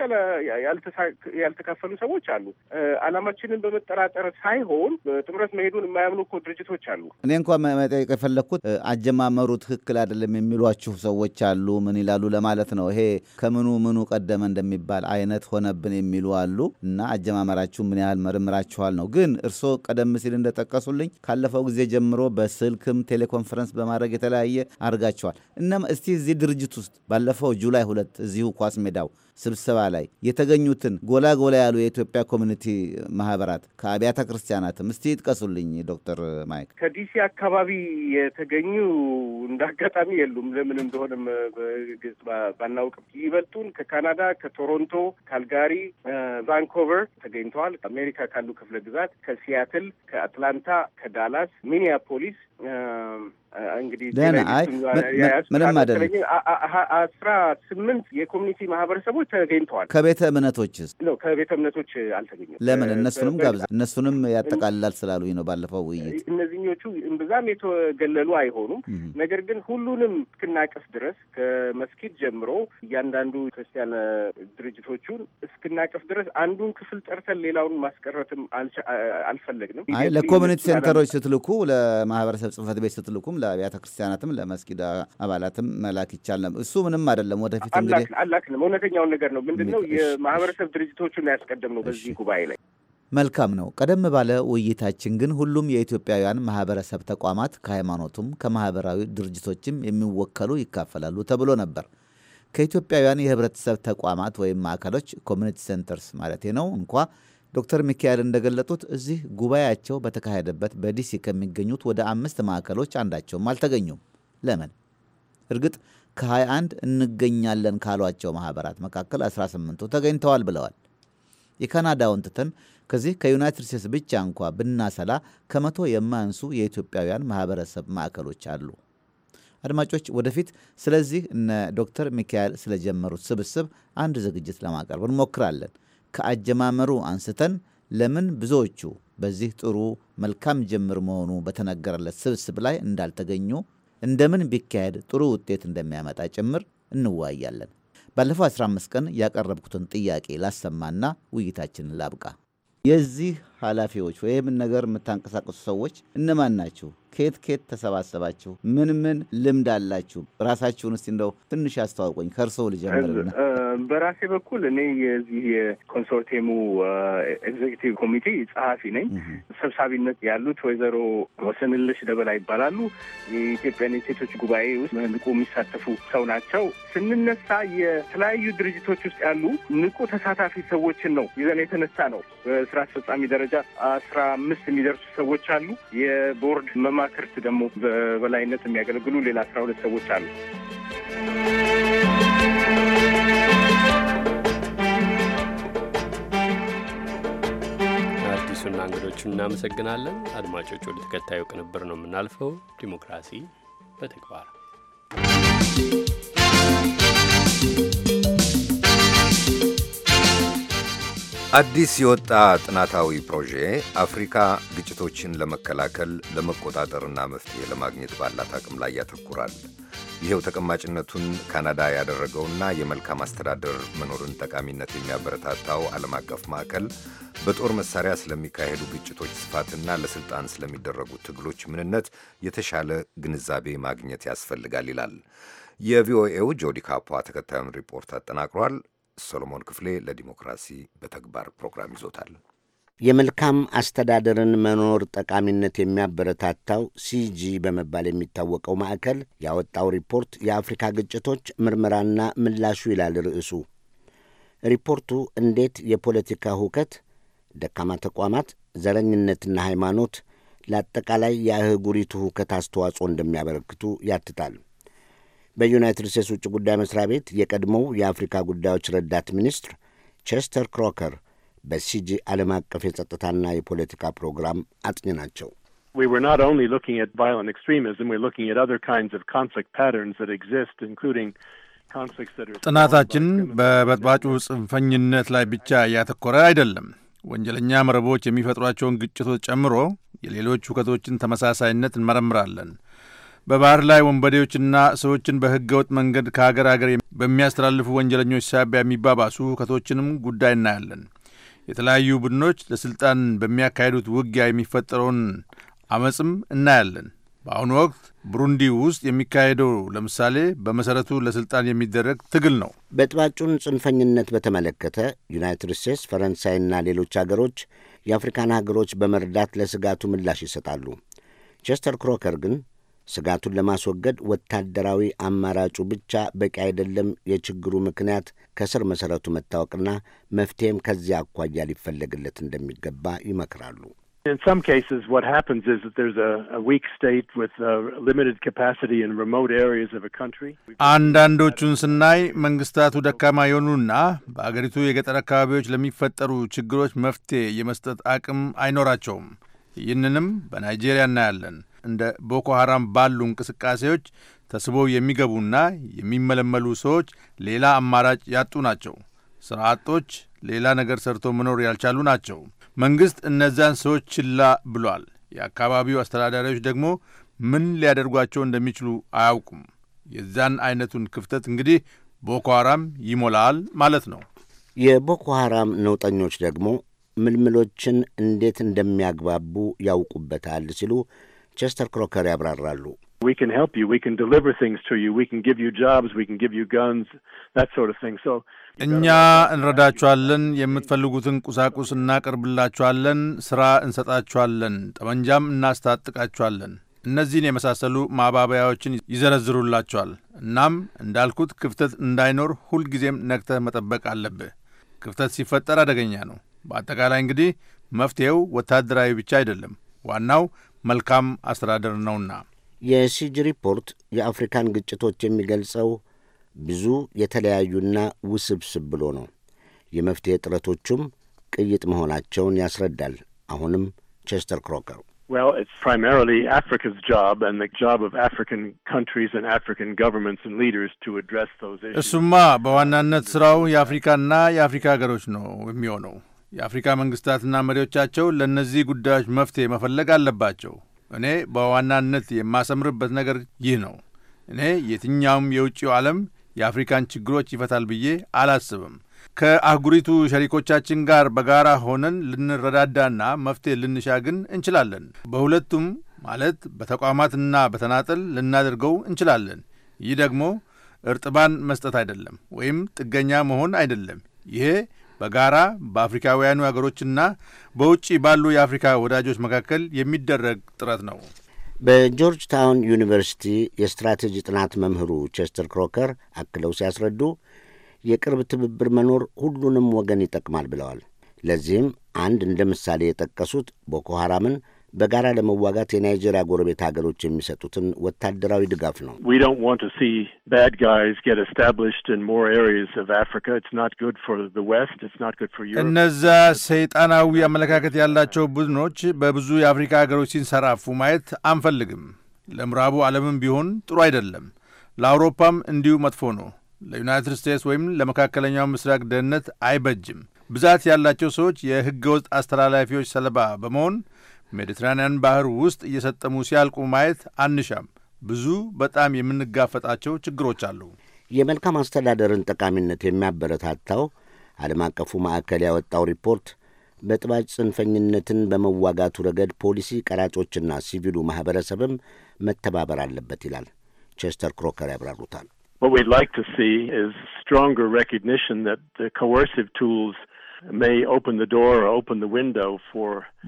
ያልተካፈሉ ሰዎች አሉ። አላማችንን በመጠራጠር ሳይሆን በጥምረት መሄዱን የማያምኑ እኮ ድርጅቶች አሉ። እኔ እንኳ መጠየቅ የፈለግኩት አጀማመሩ ትክክል አይደለም የሚሏችሁ ሰዎች አሉ። ምን ይላሉ ለማለት ነው። ይሄ ከምኑ ምኑ ቀደመ እንደሚባል አይነት ሆነብን የሚሉ አሉ እና አጀማመራችሁ ምን ያህል መርምራችኋል ነው። ግን እርስዎ ቀደም ሲል እንደጠቀሱልኝ ካለፈው ጊዜ ጀምሮ በስልክም ቴሌኮንፈረንስ በማድረግ የተለያየ አድርጋችኋል። እናም እስቲ እዚህ ድርጅት ውስጥ ባለፈው ጁላይ ሁለት እዚሁ ኳስ ሜዳው ስብሰባ ላይ የተገኙትን ጎላ ጎላ ያሉ የኢትዮጵያ ኮሚኒቲ ማህበራት ከአብያተ ክርስቲያናትም እስቲ ይጥቀሱልኝ ዶክተር ማይክ። ከዲሲ አካባቢ የተገኙ እንደ አጋጣሚ የሉም። ለምን እንደሆነም ግልጽ ባናውቅም ይበልጡን ከካናዳ፣ ከቶሮንቶ፣ ካልጋሪ፣ ቫንኮቨር ተገኝተዋል። አሜሪካ ካሉ ክፍለ ግዛት ከሲያትል፣ ከአትላንታ፣ ከዳላስ፣ ሚኒያፖሊስ እንግዲህ ደህና አይ ምንም አይደለም። አስራ ስምንት የኮሚኒቲ ማህበረሰቦች ተገኝተዋል። ከቤተ እምነቶች ነው? ከቤተ እምነቶች አልተገኘም። ለምን? እነሱንም ጋብዛ እነሱንም ያጠቃልላል ስላሉኝ ነው። ባለፈው ውይይት እነዚህኞቹ እምብዛም የተገለሉ አይሆኑም። ነገር ግን ሁሉንም እስክናቀፍ ድረስ ከመስጊድ ጀምሮ እያንዳንዱ ክርስቲያን ድርጅቶቹን እስክናቀፍ ድረስ አንዱን ክፍል ጠርተን ሌላውን ማስቀረትም አልፈለግንም። አይ ለኮሚኒቲ ሴንተሮች ስትልኩ፣ ለማህበረሰብ ጽህፈት ቤት ስትልኩም፣ ለአብያተ ክርስቲያናትም ለመስጊድ አባላትም መላክ ይቻል። እሱ ምንም አይደለም። ወደፊት እንግዲህ አላክንም እውነተኛውን ነገር ነው። ምንድን ነው የማህበረሰብ ድርጅቶቹን ያስቀደም ነው በዚህ ጉባኤ ላይ መልካም ነው። ቀደም ባለ ውይይታችን ግን ሁሉም የኢትዮጵያውያን ማህበረሰብ ተቋማት ከሃይማኖቱም ከማህበራዊ ድርጅቶችም የሚወከሉ ይካፈላሉ ተብሎ ነበር። ከኢትዮጵያውያን የህብረተሰብ ተቋማት ወይም ማዕከሎች ኮሚኒቲ ሴንተርስ ማለት ነው እንኳ ዶክተር ሚካኤል እንደገለጡት እዚህ ጉባኤያቸው በተካሄደበት በዲሲ ከሚገኙት ወደ አምስት ማዕከሎች አንዳቸውም አልተገኙም። ለምን? እርግጥ ከ21 እንገኛለን ካሏቸው ማህበራት መካከል 18ቱ ተገኝተዋል ብለዋል። የካናዳውን ትተን ከዚህ ከዩናይትድ ስቴትስ ብቻ እንኳ ብናሰላ ከመቶ የማያንሱ የኢትዮጵያውያን ማህበረሰብ ማዕከሎች አሉ። አድማጮች፣ ወደፊት ስለዚህ እነ ዶክተር ሚካኤል ስለጀመሩት ስብስብ አንድ ዝግጅት ለማቀርብ እንሞክራለን። ከአጀማመሩ አንስተን ለምን ብዙዎቹ በዚህ ጥሩ መልካም ጅምር መሆኑ በተነገረለት ስብስብ ላይ እንዳልተገኙ እንደምን ቢካሄድ ጥሩ ውጤት እንደሚያመጣ ጭምር እንወያያለን። ባለፈው 15 ቀን ያቀረብኩትን ጥያቄ ላሰማና ውይይታችንን ላብቃ። የዚህ ኃላፊዎች ወይም ነገር የምታንቀሳቀሱ ሰዎች እነማን ናችሁ? ከየት ከየት ተሰባሰባችሁ? ምን ምን ልምድ አላችሁ? ራሳችሁን እስቲ እንደው ትንሽ አስተዋውቆኝ ከእርስዎ ልጀምርና። በራሴ በኩል እኔ የዚህ የኮንሶርቴሙ ኤግዜክቲቭ ኮሚቴ ጸሐፊ ነኝ። ሰብሳቢነት ያሉት ወይዘሮ ወሰንልሽ ደበላ ይባላሉ። የኢትዮጵያን የሴቶች ጉባኤ ውስጥ ንቁ የሚሳተፉ ሰው ናቸው። ስንነሳ የተለያዩ ድርጅቶች ውስጥ ያሉ ንቁ ተሳታፊ ሰዎችን ነው ይዘን የተነሳ ነው። በስራ አስፈጻሚ ደረጃ ደረጃ አስራ አምስት የሚደርሱ ሰዎች አሉ። የቦርድ መማክርት ደግሞ በበላይነት የሚያገለግሉ ሌላ አስራ ሁለት ሰዎች አሉ። አዲሱና እንግዶቹን እናመሰግናለን። አድማጮች፣ ወደ ተከታዩ ቅንብር ነው የምናልፈው። ዲሞክራሲ በተግባር አዲስ የወጣ ጥናታዊ ፕሮጄ አፍሪካ ግጭቶችን ለመከላከል ለመቆጣጠርና መፍትሄ ለማግኘት ባላት አቅም ላይ ያተኩራል። ይኸው ተቀማጭነቱን ካናዳ ያደረገውና የመልካም አስተዳደር መኖርን ጠቃሚነት የሚያበረታታው ዓለም አቀፍ ማዕከል በጦር መሳሪያ ስለሚካሄዱ ግጭቶች ስፋትና ለሥልጣን ስለሚደረጉ ትግሎች ምንነት የተሻለ ግንዛቤ ማግኘት ያስፈልጋል ይላል። የቪኦኤው ጆዲ ካፖ ተከታዩን ሪፖርት አጠናቅሯል። ሰሎሞን ክፍሌ ለዲሞክራሲ በተግባር ፕሮግራም ይዞታል። የመልካም አስተዳደርን መኖር ጠቃሚነት የሚያበረታታው ሲጂ በመባል የሚታወቀው ማዕከል ያወጣው ሪፖርት የአፍሪካ ግጭቶች ምርመራና ምላሹ ይላል ርዕሱ። ሪፖርቱ እንዴት የፖለቲካ ሁከት፣ ደካማ ተቋማት፣ ዘረኝነትና ሃይማኖት ለአጠቃላይ የአህጉሪቱ ሁከት አስተዋጽኦ እንደሚያበረክቱ ያትታል። በዩናይትድ ስቴትስ ውጭ ጉዳይ መስሪያ ቤት የቀድሞው የአፍሪካ ጉዳዮች ረዳት ሚኒስትር ቸስተር ክሮከር በሲጂ ዓለም አቀፍ የጸጥታና የፖለቲካ ፕሮግራም አጥኚ ናቸው። ጥናታችን በበጥባጩ ጽንፈኝነት ላይ ብቻ እያተኮረ አይደለም። ወንጀለኛ መረቦች የሚፈጥሯቸውን ግጭቶች ጨምሮ የሌሎች ሁከቶችን ተመሳሳይነት እንመረምራለን። በባህር ላይ ወንበዴዎችና ሰዎችን በህገወጥ መንገድ ከሀገር ሀገር በሚያስተላልፉ ወንጀለኞች ሳቢያ የሚባባሱ ሁከቶችንም ጉዳይ እናያለን። የተለያዩ ቡድኖች ለስልጣን በሚያካሄዱት ውጊያ የሚፈጠረውን አመፅም እናያለን። በአሁኑ ወቅት ብሩንዲ ውስጥ የሚካሄደው ለምሳሌ በመሰረቱ ለስልጣን የሚደረግ ትግል ነው። በጥባጩን ጽንፈኝነት በተመለከተ ዩናይትድ ስቴትስ፣ ፈረንሳይና ሌሎች አገሮች የአፍሪካን ሀገሮች በመርዳት ለስጋቱ ምላሽ ይሰጣሉ። ቸስተር ክሮከር ግን ስጋቱን ለማስወገድ ወታደራዊ አማራጩ ብቻ በቂ አይደለም። የችግሩ ምክንያት ከስር መሰረቱ መታወቅና መፍትሄም ከዚያ አኳያ ሊፈለግለት እንደሚገባ ይመክራሉ። አንዳንዶቹን ስናይ መንግስታቱ ደካማ የሆኑና በአገሪቱ የገጠር አካባቢዎች ለሚፈጠሩ ችግሮች መፍትሄ የመስጠት አቅም አይኖራቸውም። ይህንንም በናይጄሪያ እናያለን። እንደ ቦኮ ሐራም ባሉ እንቅስቃሴዎች ተስበው የሚገቡና የሚመለመሉ ሰዎች ሌላ አማራጭ ያጡ ናቸው። ሥራ አጦች ሌላ ነገር ሰርቶ መኖር ያልቻሉ ናቸው። መንግሥት እነዚያን ሰዎች ችላ ብሏል። የአካባቢው አስተዳዳሪዎች ደግሞ ምን ሊያደርጓቸው እንደሚችሉ አያውቁም። የዛን አይነቱን ክፍተት እንግዲህ ቦኮ ሐራም ይሞላል ማለት ነው። የቦኮ ሐራም ነውጠኞች ደግሞ ምልምሎችን እንዴት እንደሚያግባቡ ያውቁበታል ሲሉ ቸስተር ክሮከር ያብራራሉ። እኛ እንረዳችኋለን። የምትፈልጉትን ቁሳቁስ እናቀርብላችኋለን። ሥራ እንሰጣችኋለን። ጠመንጃም እናስታጥቃችኋለን። እነዚህን የመሳሰሉ ማባበያዎችን ይዘረዝሩላችኋል። እናም እንዳልኩት ክፍተት እንዳይኖር ሁልጊዜም ነቅተህ መጠበቅ አለብህ። ክፍተት ሲፈጠር አደገኛ ነው። በአጠቃላይ እንግዲህ መፍትሔው ወታደራዊ ብቻ አይደለም። ዋናው መልካም አስተዳደር ነውና። የሲጅ ሪፖርት የአፍሪካን ግጭቶች የሚገልጸው ብዙ የተለያዩና ውስብስብ ብሎ ነው። የመፍትሔ ጥረቶቹም ቅይጥ መሆናቸውን ያስረዳል። አሁንም ቸስተር ክሮከር Well, it's primarily Africa's job and the job of African countries and African governments and leaders to address those issues. እሱማ በዋናነት ስራው የአፍሪካና የአፍሪካ ሀገሮች ነው የሚሆነው። የአፍሪካ መንግስታትና መሪዎቻቸው ለእነዚህ ጉዳዮች መፍትሄ መፈለግ አለባቸው። እኔ በዋናነት የማሰምርበት ነገር ይህ ነው። እኔ የትኛውም የውጭው ዓለም የአፍሪካን ችግሮች ይፈታል ብዬ አላስብም። ከአህጉሪቱ ሸሪኮቻችን ጋር በጋራ ሆነን ልንረዳዳና መፍትሄ ልንሻ ግን እንችላለን። በሁለቱም ማለት በተቋማትና በተናጠል ልናደርገው እንችላለን። ይህ ደግሞ እርጥባን መስጠት አይደለም፣ ወይም ጥገኛ መሆን አይደለም። ይሄ በጋራ በአፍሪካውያኑ ሀገሮችና በውጭ ባሉ የአፍሪካ ወዳጆች መካከል የሚደረግ ጥረት ነው። በጆርጅ ታውን ዩኒቨርሲቲ የስትራቴጂ ጥናት መምህሩ ቸስተር ክሮከር አክለው ሲያስረዱ የቅርብ ትብብር መኖር ሁሉንም ወገን ይጠቅማል ብለዋል። ለዚህም አንድ እንደ ምሳሌ የጠቀሱት ቦኮ ሐራምን በጋራ ለመዋጋት የናይጄሪያ ጎረቤት ሀገሮች የሚሰጡትን ወታደራዊ ድጋፍ ነው። እነዛ ሰይጣናዊ አመለካከት ያላቸው ቡድኖች በብዙ የአፍሪካ ሀገሮች ሲንሰራፉ ማየት አንፈልግም። ለምዕራቡ ዓለምም ቢሆን ጥሩ አይደለም። ለአውሮፓም እንዲሁ መጥፎ ነው። ለዩናይትድ ስቴትስ ወይም ለመካከለኛው ምስራቅ ደህንነት አይበጅም። ብዛት ያላቸው ሰዎች የህገ ወጥ አስተላላፊዎች ሰለባ በመሆን ሜዲትራንያን ባህር ውስጥ እየሰጠሙ ሲያልቁ ማየት አንሻም። ብዙ በጣም የምንጋፈጣቸው ችግሮች አሉ። የመልካም አስተዳደርን ጠቃሚነት የሚያበረታታው ዓለም አቀፉ ማዕከል ያወጣው ሪፖርት በጥባጭ ጽንፈኝነትን በመዋጋቱ ረገድ ፖሊሲ ቀራጮችና ሲቪሉ ማኅበረሰብም መተባበር አለበት ይላል። ቸስተር ክሮከር ያብራሩታል።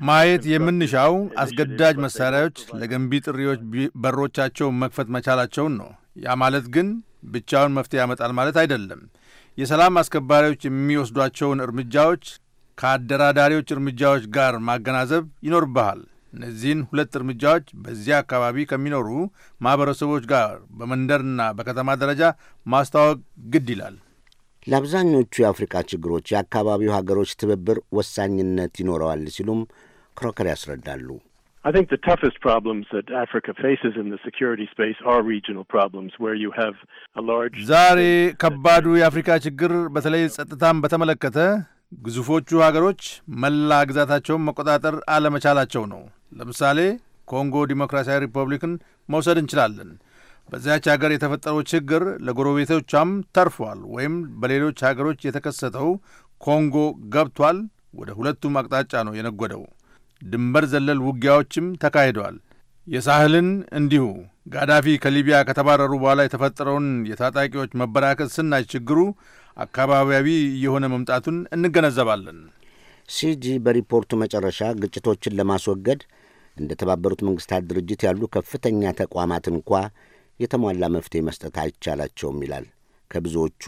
ማየት የምንሻው አስገዳጅ መሳሪያዎች ለገንቢ ጥሪዎች በሮቻቸው መክፈት መቻላቸውን ነው። ያ ማለት ግን ብቻውን መፍትሄ ያመጣል ማለት አይደለም። የሰላም አስከባሪዎች የሚወስዷቸውን እርምጃዎች ከአደራዳሪዎች እርምጃዎች ጋር ማገናዘብ ይኖርብሃል። እነዚህን ሁለት እርምጃዎች በዚያ አካባቢ ከሚኖሩ ማኅበረሰቦች ጋር በመንደርና በከተማ ደረጃ ማስተዋወቅ ግድ ይላል። ለአብዛኞቹ የአፍሪቃ ችግሮች የአካባቢው ሀገሮች ትብብር ወሳኝነት ይኖረዋል ሲሉም ክሮከር ያስረዳሉ። ዛሬ ከባዱ የአፍሪካ ችግር በተለይ ጸጥታን በተመለከተ ግዙፎቹ ሀገሮች መላ ግዛታቸውን መቆጣጠር አለመቻላቸው ነው። ለምሳሌ ኮንጎ ዲሞክራሲያዊ ሪፐብሊክን መውሰድ እንችላለን። በዚያች ሀገር የተፈጠረው ችግር ለጎረቤቶቿም ተርፏል ወይም በሌሎች ሀገሮች የተከሰተው ኮንጎ ገብቷል። ወደ ሁለቱም አቅጣጫ ነው የነጎደው። ድንበር ዘለል ውጊያዎችም ተካሂደዋል። የሳህልን እንዲሁ። ጋዳፊ ከሊቢያ ከተባረሩ በኋላ የተፈጠረውን የታጣቂዎች መበራከት ስናይ ችግሩ አካባቢያዊ እየሆነ መምጣቱን እንገነዘባለን። ሲጂ በሪፖርቱ መጨረሻ ግጭቶችን ለማስወገድ እንደ ተባበሩት መንግስታት ድርጅት ያሉ ከፍተኛ ተቋማት እንኳ የተሟላ መፍትሄ መስጠት አይቻላቸውም ይላል። ከብዙዎቹ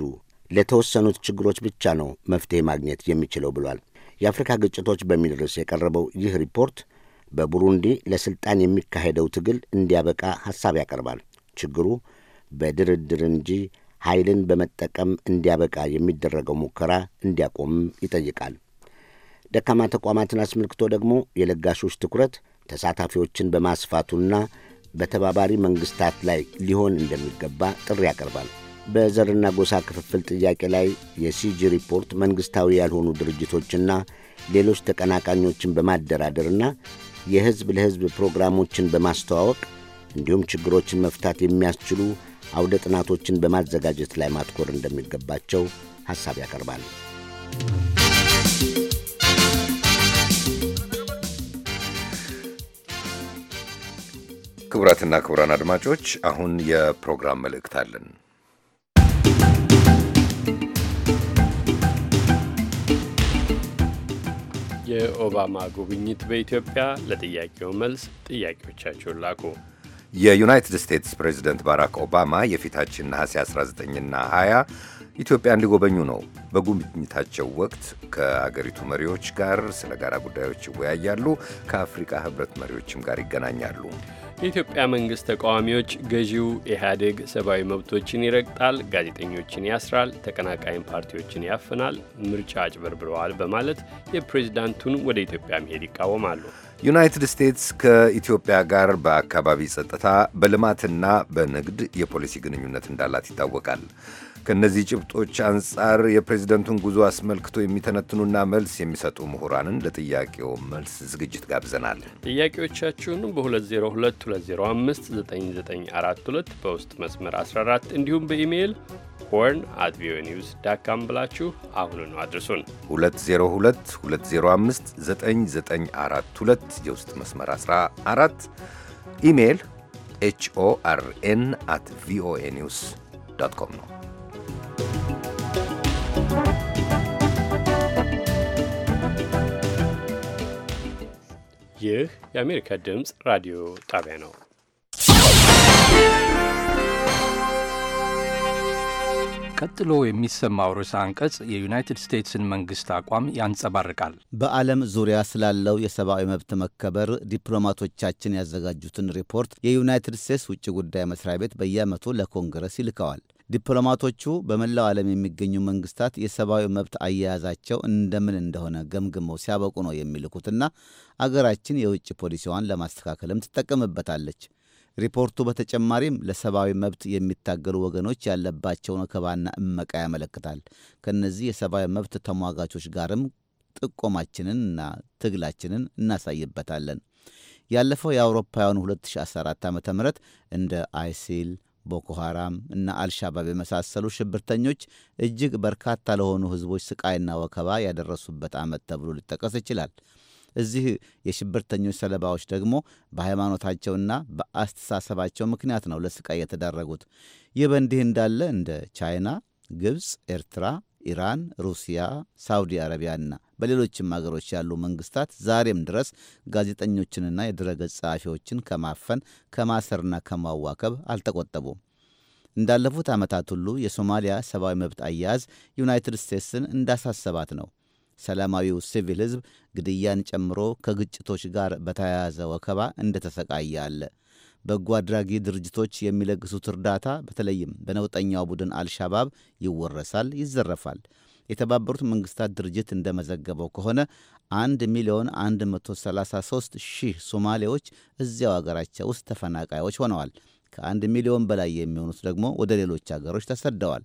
ለተወሰኑት ችግሮች ብቻ ነው መፍትሄ ማግኘት የሚችለው ብሏል። የአፍሪካ ግጭቶች በሚል ርዕስ የቀረበው ይህ ሪፖርት በቡሩንዲ ለሥልጣን የሚካሄደው ትግል እንዲያበቃ ሐሳብ ያቀርባል። ችግሩ በድርድር እንጂ ኃይልን በመጠቀም እንዲያበቃ የሚደረገው ሙከራ እንዲያቆምም ይጠይቃል። ደካማ ተቋማትን አስመልክቶ ደግሞ የለጋሾች ትኩረት ተሳታፊዎችን በማስፋቱና በተባባሪ መንግስታት ላይ ሊሆን እንደሚገባ ጥሪ ያቀርባል። በዘርና ጎሳ ክፍፍል ጥያቄ ላይ የሲጂ ሪፖርት መንግስታዊ ያልሆኑ ድርጅቶችና ሌሎች ተቀናቃኞችን በማደራደርና የህዝብ ለህዝብ ፕሮግራሞችን በማስተዋወቅ እንዲሁም ችግሮችን መፍታት የሚያስችሉ አውደ ጥናቶችን በማዘጋጀት ላይ ማትኮር እንደሚገባቸው ሐሳብ ያቀርባል። ክቡራትና ክቡራን አድማጮች አሁን የፕሮግራም መልእክት አለን። የኦባማ ጉብኝት በኢትዮጵያ ለጥያቄው መልስ ጥያቄዎቻቸውን ላኩ። የዩናይትድ ስቴትስ ፕሬዚደንት ባራክ ኦባማ የፊታችን ነሐሴ 19ና 20 ኢትዮጵያን ሊጎበኙ ነው። በጉብኝታቸው ወቅት ከአገሪቱ መሪዎች ጋር ስለ ጋራ ጉዳዮች ይወያያሉ። ከአፍሪካ ሕብረት መሪዎችም ጋር ይገናኛሉ። የኢትዮጵያ መንግሥት ተቃዋሚዎች ገዢው ኢህአዴግ ሰብአዊ መብቶችን ይረግጣል፣ ጋዜጠኞችን ያስራል፣ ተቀናቃይም ፓርቲዎችን ያፍናል፣ ምርጫ አጭበርብረዋል በማለት የፕሬዚዳንቱን ወደ ኢትዮጵያ መሄድ ይቃወማሉ። ዩናይትድ ስቴትስ ከኢትዮጵያ ጋር በአካባቢ ጸጥታ፣ በልማትና በንግድ የፖሊሲ ግንኙነት እንዳላት ይታወቃል። ከእነዚህ ጭብጦች አንጻር የፕሬዚደንቱን ጉዞ አስመልክቶ የሚተነትኑና መልስ የሚሰጡ ምሁራንን ለጥያቄው መልስ ዝግጅት ጋብዘናል። ጥያቄዎቻችሁንም በ2022059942 በውስጥ መስመር 14 እንዲሁም በኢሜይል ሆርን አት ቪኦኤ ኒውስ ዳት ብላችሁ አሁኑኑ አድርሱን። 2022059942 የውስጥ መስመር 14 ኢሜይል ኤችኦአርኤን አት ቪኦኤ ኒውስ ዳት ኮም ነው። ይህ የአሜሪካ ድምፅ ራዲዮ ጣቢያ ነው። ቀጥሎ የሚሰማው ርዕሰ አንቀጽ የዩናይትድ ስቴትስን መንግሥት አቋም ያንጸባርቃል። በዓለም ዙሪያ ስላለው የሰብአዊ መብት መከበር ዲፕሎማቶቻችን ያዘጋጁትን ሪፖርት የዩናይትድ ስቴትስ ውጭ ጉዳይ መስሪያ ቤት በየዓመቱ ለኮንግረስ ይልከዋል። ዲፕሎማቶቹ በመላው ዓለም የሚገኙ መንግስታት የሰብአዊ መብት አያያዛቸው እንደምን እንደሆነ ገምግመው ሲያበቁ ነው የሚልኩትና አገራችን የውጭ ፖሊሲዋን ለማስተካከልም ትጠቀምበታለች። ሪፖርቱ በተጨማሪም ለሰብአዊ መብት የሚታገሉ ወገኖች ያለባቸውን ከባና እመቃ ያመለክታል። ከእነዚህ የሰብአዊ መብት ተሟጋቾች ጋርም ጥቆማችንንና ትግላችንን እናሳይበታለን። ያለፈው የአውሮፓውያኑ 2014 ዓ ም እንደ አይሲል ቦኮ ሐራም እና አልሻባብ የመሳሰሉ ሽብርተኞች እጅግ በርካታ ለሆኑ ሕዝቦች ስቃይና ወከባ ያደረሱበት ዓመት ተብሎ ሊጠቀስ ይችላል። እዚህ የሽብርተኞች ሰለባዎች ደግሞ በሃይማኖታቸውና በአስተሳሰባቸው ምክንያት ነው ለስቃይ የተዳረጉት። ይህ በእንዲህ እንዳለ እንደ ቻይና፣ ግብፅ፣ ኤርትራ፣ ኢራን፣ ሩሲያ፣ ሳውዲ አረቢያና በሌሎችም አገሮች ያሉ መንግስታት ዛሬም ድረስ ጋዜጠኞችንና የድረገጽ ጸሐፊዎችን ከማፈን ከማሰርና ከማዋከብ አልተቆጠቡም። እንዳለፉት ዓመታት ሁሉ የሶማሊያ ሰብአዊ መብት አያያዝ ዩናይትድ ስቴትስን እንዳሳሰባት ነው። ሰላማዊው ሲቪል ህዝብ ግድያን ጨምሮ ከግጭቶች ጋር በተያያዘ ወከባ እንደተሰቃየ አለ። በጎ አድራጊ ድርጅቶች የሚለግሱት እርዳታ በተለይም በነውጠኛው ቡድን አልሻባብ ይወረሳል፣ ይዘረፋል። የተባበሩት መንግስታት ድርጅት እንደመዘገበው ከሆነ 1 ሚሊዮን 133 ሺህ ሶማሌዎች እዚያው አገራቸው ውስጥ ተፈናቃዮች ሆነዋል። ከአንድ ሚሊዮን በላይ የሚሆኑት ደግሞ ወደ ሌሎች አገሮች ተሰደዋል።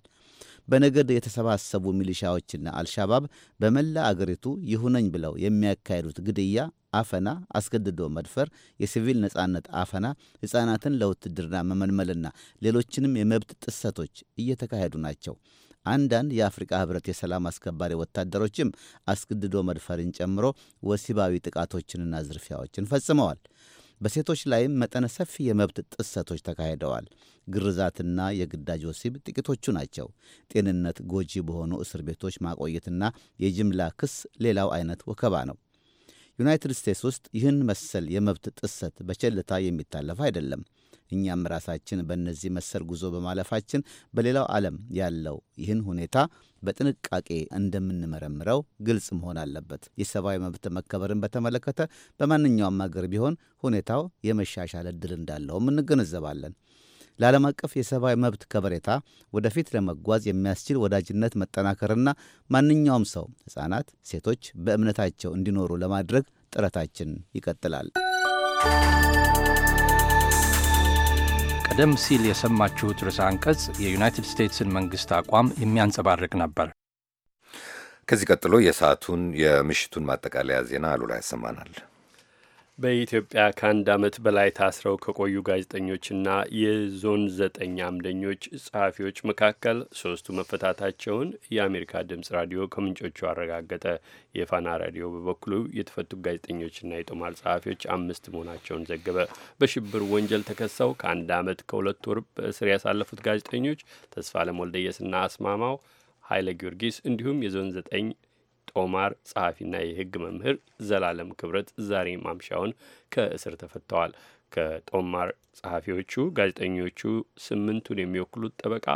በነገድ የተሰባሰቡ ሚሊሻዎችና አልሻባብ በመላ አገሪቱ ይሁነኝ ብለው የሚያካሂዱት ግድያ አፈና፣ አስገድዶ መድፈር፣ የሲቪል ነጻነት አፈና፣ ሕፃናትን ለውትድርና መመልመልና ሌሎችንም የመብት ጥሰቶች እየተካሄዱ ናቸው። አንዳንድ የአፍሪቃ ህብረት የሰላም አስከባሪ ወታደሮችም አስገድዶ መድፈርን ጨምሮ ወሲባዊ ጥቃቶችንና ዝርፊያዎችን ፈጽመዋል። በሴቶች ላይም መጠነ ሰፊ የመብት ጥሰቶች ተካሂደዋል። ግርዛትና የግዳጅ ወሲብ ጥቂቶቹ ናቸው። ጤንነት ጎጂ በሆኑ እስር ቤቶች ማቆየትና የጅምላ ክስ ሌላው አይነት ወከባ ነው። ዩናይትድ ስቴትስ ውስጥ ይህን መሰል የመብት ጥሰት በቸልታ የሚታለፍ አይደለም። እኛም ራሳችን በእነዚህ መሰል ጉዞ በማለፋችን በሌላው ዓለም ያለው ይህን ሁኔታ በጥንቃቄ እንደምንመረምረው ግልጽ መሆን አለበት። የሰብአዊ መብት መከበርን በተመለከተ በማንኛውም አገር ቢሆን ሁኔታው የመሻሻል ዕድል እንዳለውም እንገነዘባለን። ለዓለም አቀፍ የሰብአዊ መብት ከበሬታ ወደፊት ለመጓዝ የሚያስችል ወዳጅነት መጠናከርና ማንኛውም ሰው ሕፃናት፣ ሴቶች በእምነታቸው እንዲኖሩ ለማድረግ ጥረታችን ይቀጥላል። ቀደም ሲል የሰማችሁት ርዕሰ አንቀጽ የዩናይትድ ስቴትስን መንግሥት አቋም የሚያንጸባርቅ ነበር። ከዚህ ቀጥሎ የሰዓቱን የምሽቱን ማጠቃለያ ዜና አሉላ ያሰማናል። በኢትዮጵያ ከአንድ ዓመት በላይ ታስረው ከቆዩ ጋዜጠኞችና የዞን ዘጠኝ አምደኞች ጸሐፊዎች መካከል ሶስቱ መፈታታቸውን የአሜሪካ ድምጽ ራዲዮ ከምንጮቹ አረጋገጠ። የፋና ራዲዮ በበኩሉ የተፈቱ ጋዜጠኞችና የጦማር ጸሐፊዎች አምስት መሆናቸውን ዘገበ። በሽብር ወንጀል ተከሰው ከአንድ ዓመት ከሁለት ወር በእስር ያሳለፉት ጋዜጠኞች ተስፋለም ወልደየስና አስማማው ኃይለ ጊዮርጊስ እንዲሁም የዞን ዘጠኝ ኦማር ጸሐፊና የህግ መምህር ዘላለም ክብረት ዛሬ ማምሻውን ከእስር ተፈተዋል። ከጦማር ጸሐፊዎቹ ጋዜጠኞቹ ስምንቱን የሚወክሉት ጠበቃ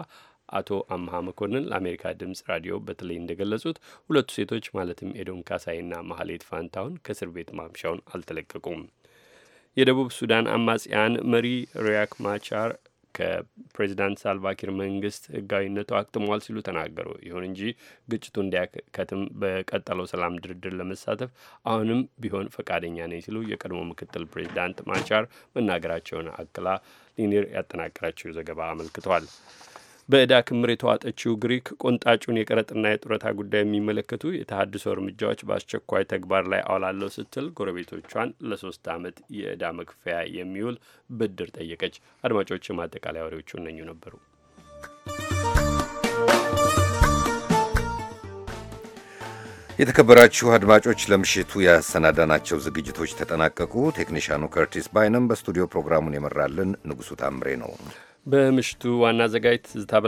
አቶ አምሃ መኮንን ለአሜሪካ ድምፅ ራዲዮ በተለይ እንደገለጹት ሁለቱ ሴቶች ማለትም ኤዶም ካሳይና ማህሌት ፋንታውን ከእስር ቤት ማምሻውን አልተለቀቁም። የደቡብ ሱዳን አማጽያን መሪ ሪያክ ማቻር ከፕሬዚዳንት ሳልቫኪር መንግስት ህጋዊነቱ አክትሟል ሲሉ ተናገሩ። ይሁን እንጂ ግጭቱ እንዲያከትም በቀጠለው ሰላም ድርድር ለመሳተፍ አሁንም ቢሆን ፈቃደኛ ነኝ ሲሉ የቀድሞ ምክትል ፕሬዚዳንት ማቻር መናገራቸውን አክላ ሊኒር ያጠናቀራቸው ዘገባ አመልክቷል። በዕዳ ክምር የተዋጠችው ግሪክ ቆንጣጩን የቀረጥና የጡረታ ጉዳይ የሚመለከቱ የተሀድሶ እርምጃዎች በአስቸኳይ ተግባር ላይ አውላለሁ ስትል ጎረቤቶቿን ለሶስት ዓመት የዕዳ መክፈያ የሚውል ብድር ጠየቀች። አድማጮች ማጠቃለያ ወሬዎቹ እነኙ ነበሩ። የተከበራችሁ አድማጮች ለምሽቱ ያሰናዳናቸው ዝግጅቶች ተጠናቀቁ። ቴክኒሻኑ ከርቲስ ባይነም በስቱዲዮ ፕሮግራሙን የመራልን ንጉሡ ታምሬ ነው። በምሽቱ ዋና አዘጋጅ ትዝታ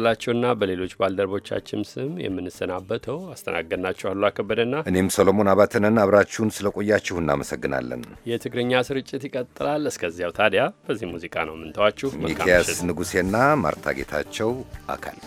በሌሎች ባልደረቦቻችን ስም የምንሰናበተው አስተናገድናችኋሉ አከበደና እኔም ሰሎሞን አባተነን አብራችሁን ስለቆያችሁ እናመሰግናለን። የትግርኛ ስርጭት ይቀጥላል። እስከዚያው ታዲያ በዚህ ሙዚቃ ነው የምንተዋችሁ። ሚኪያስ ንጉሴና ማርታ ጌታቸው አካል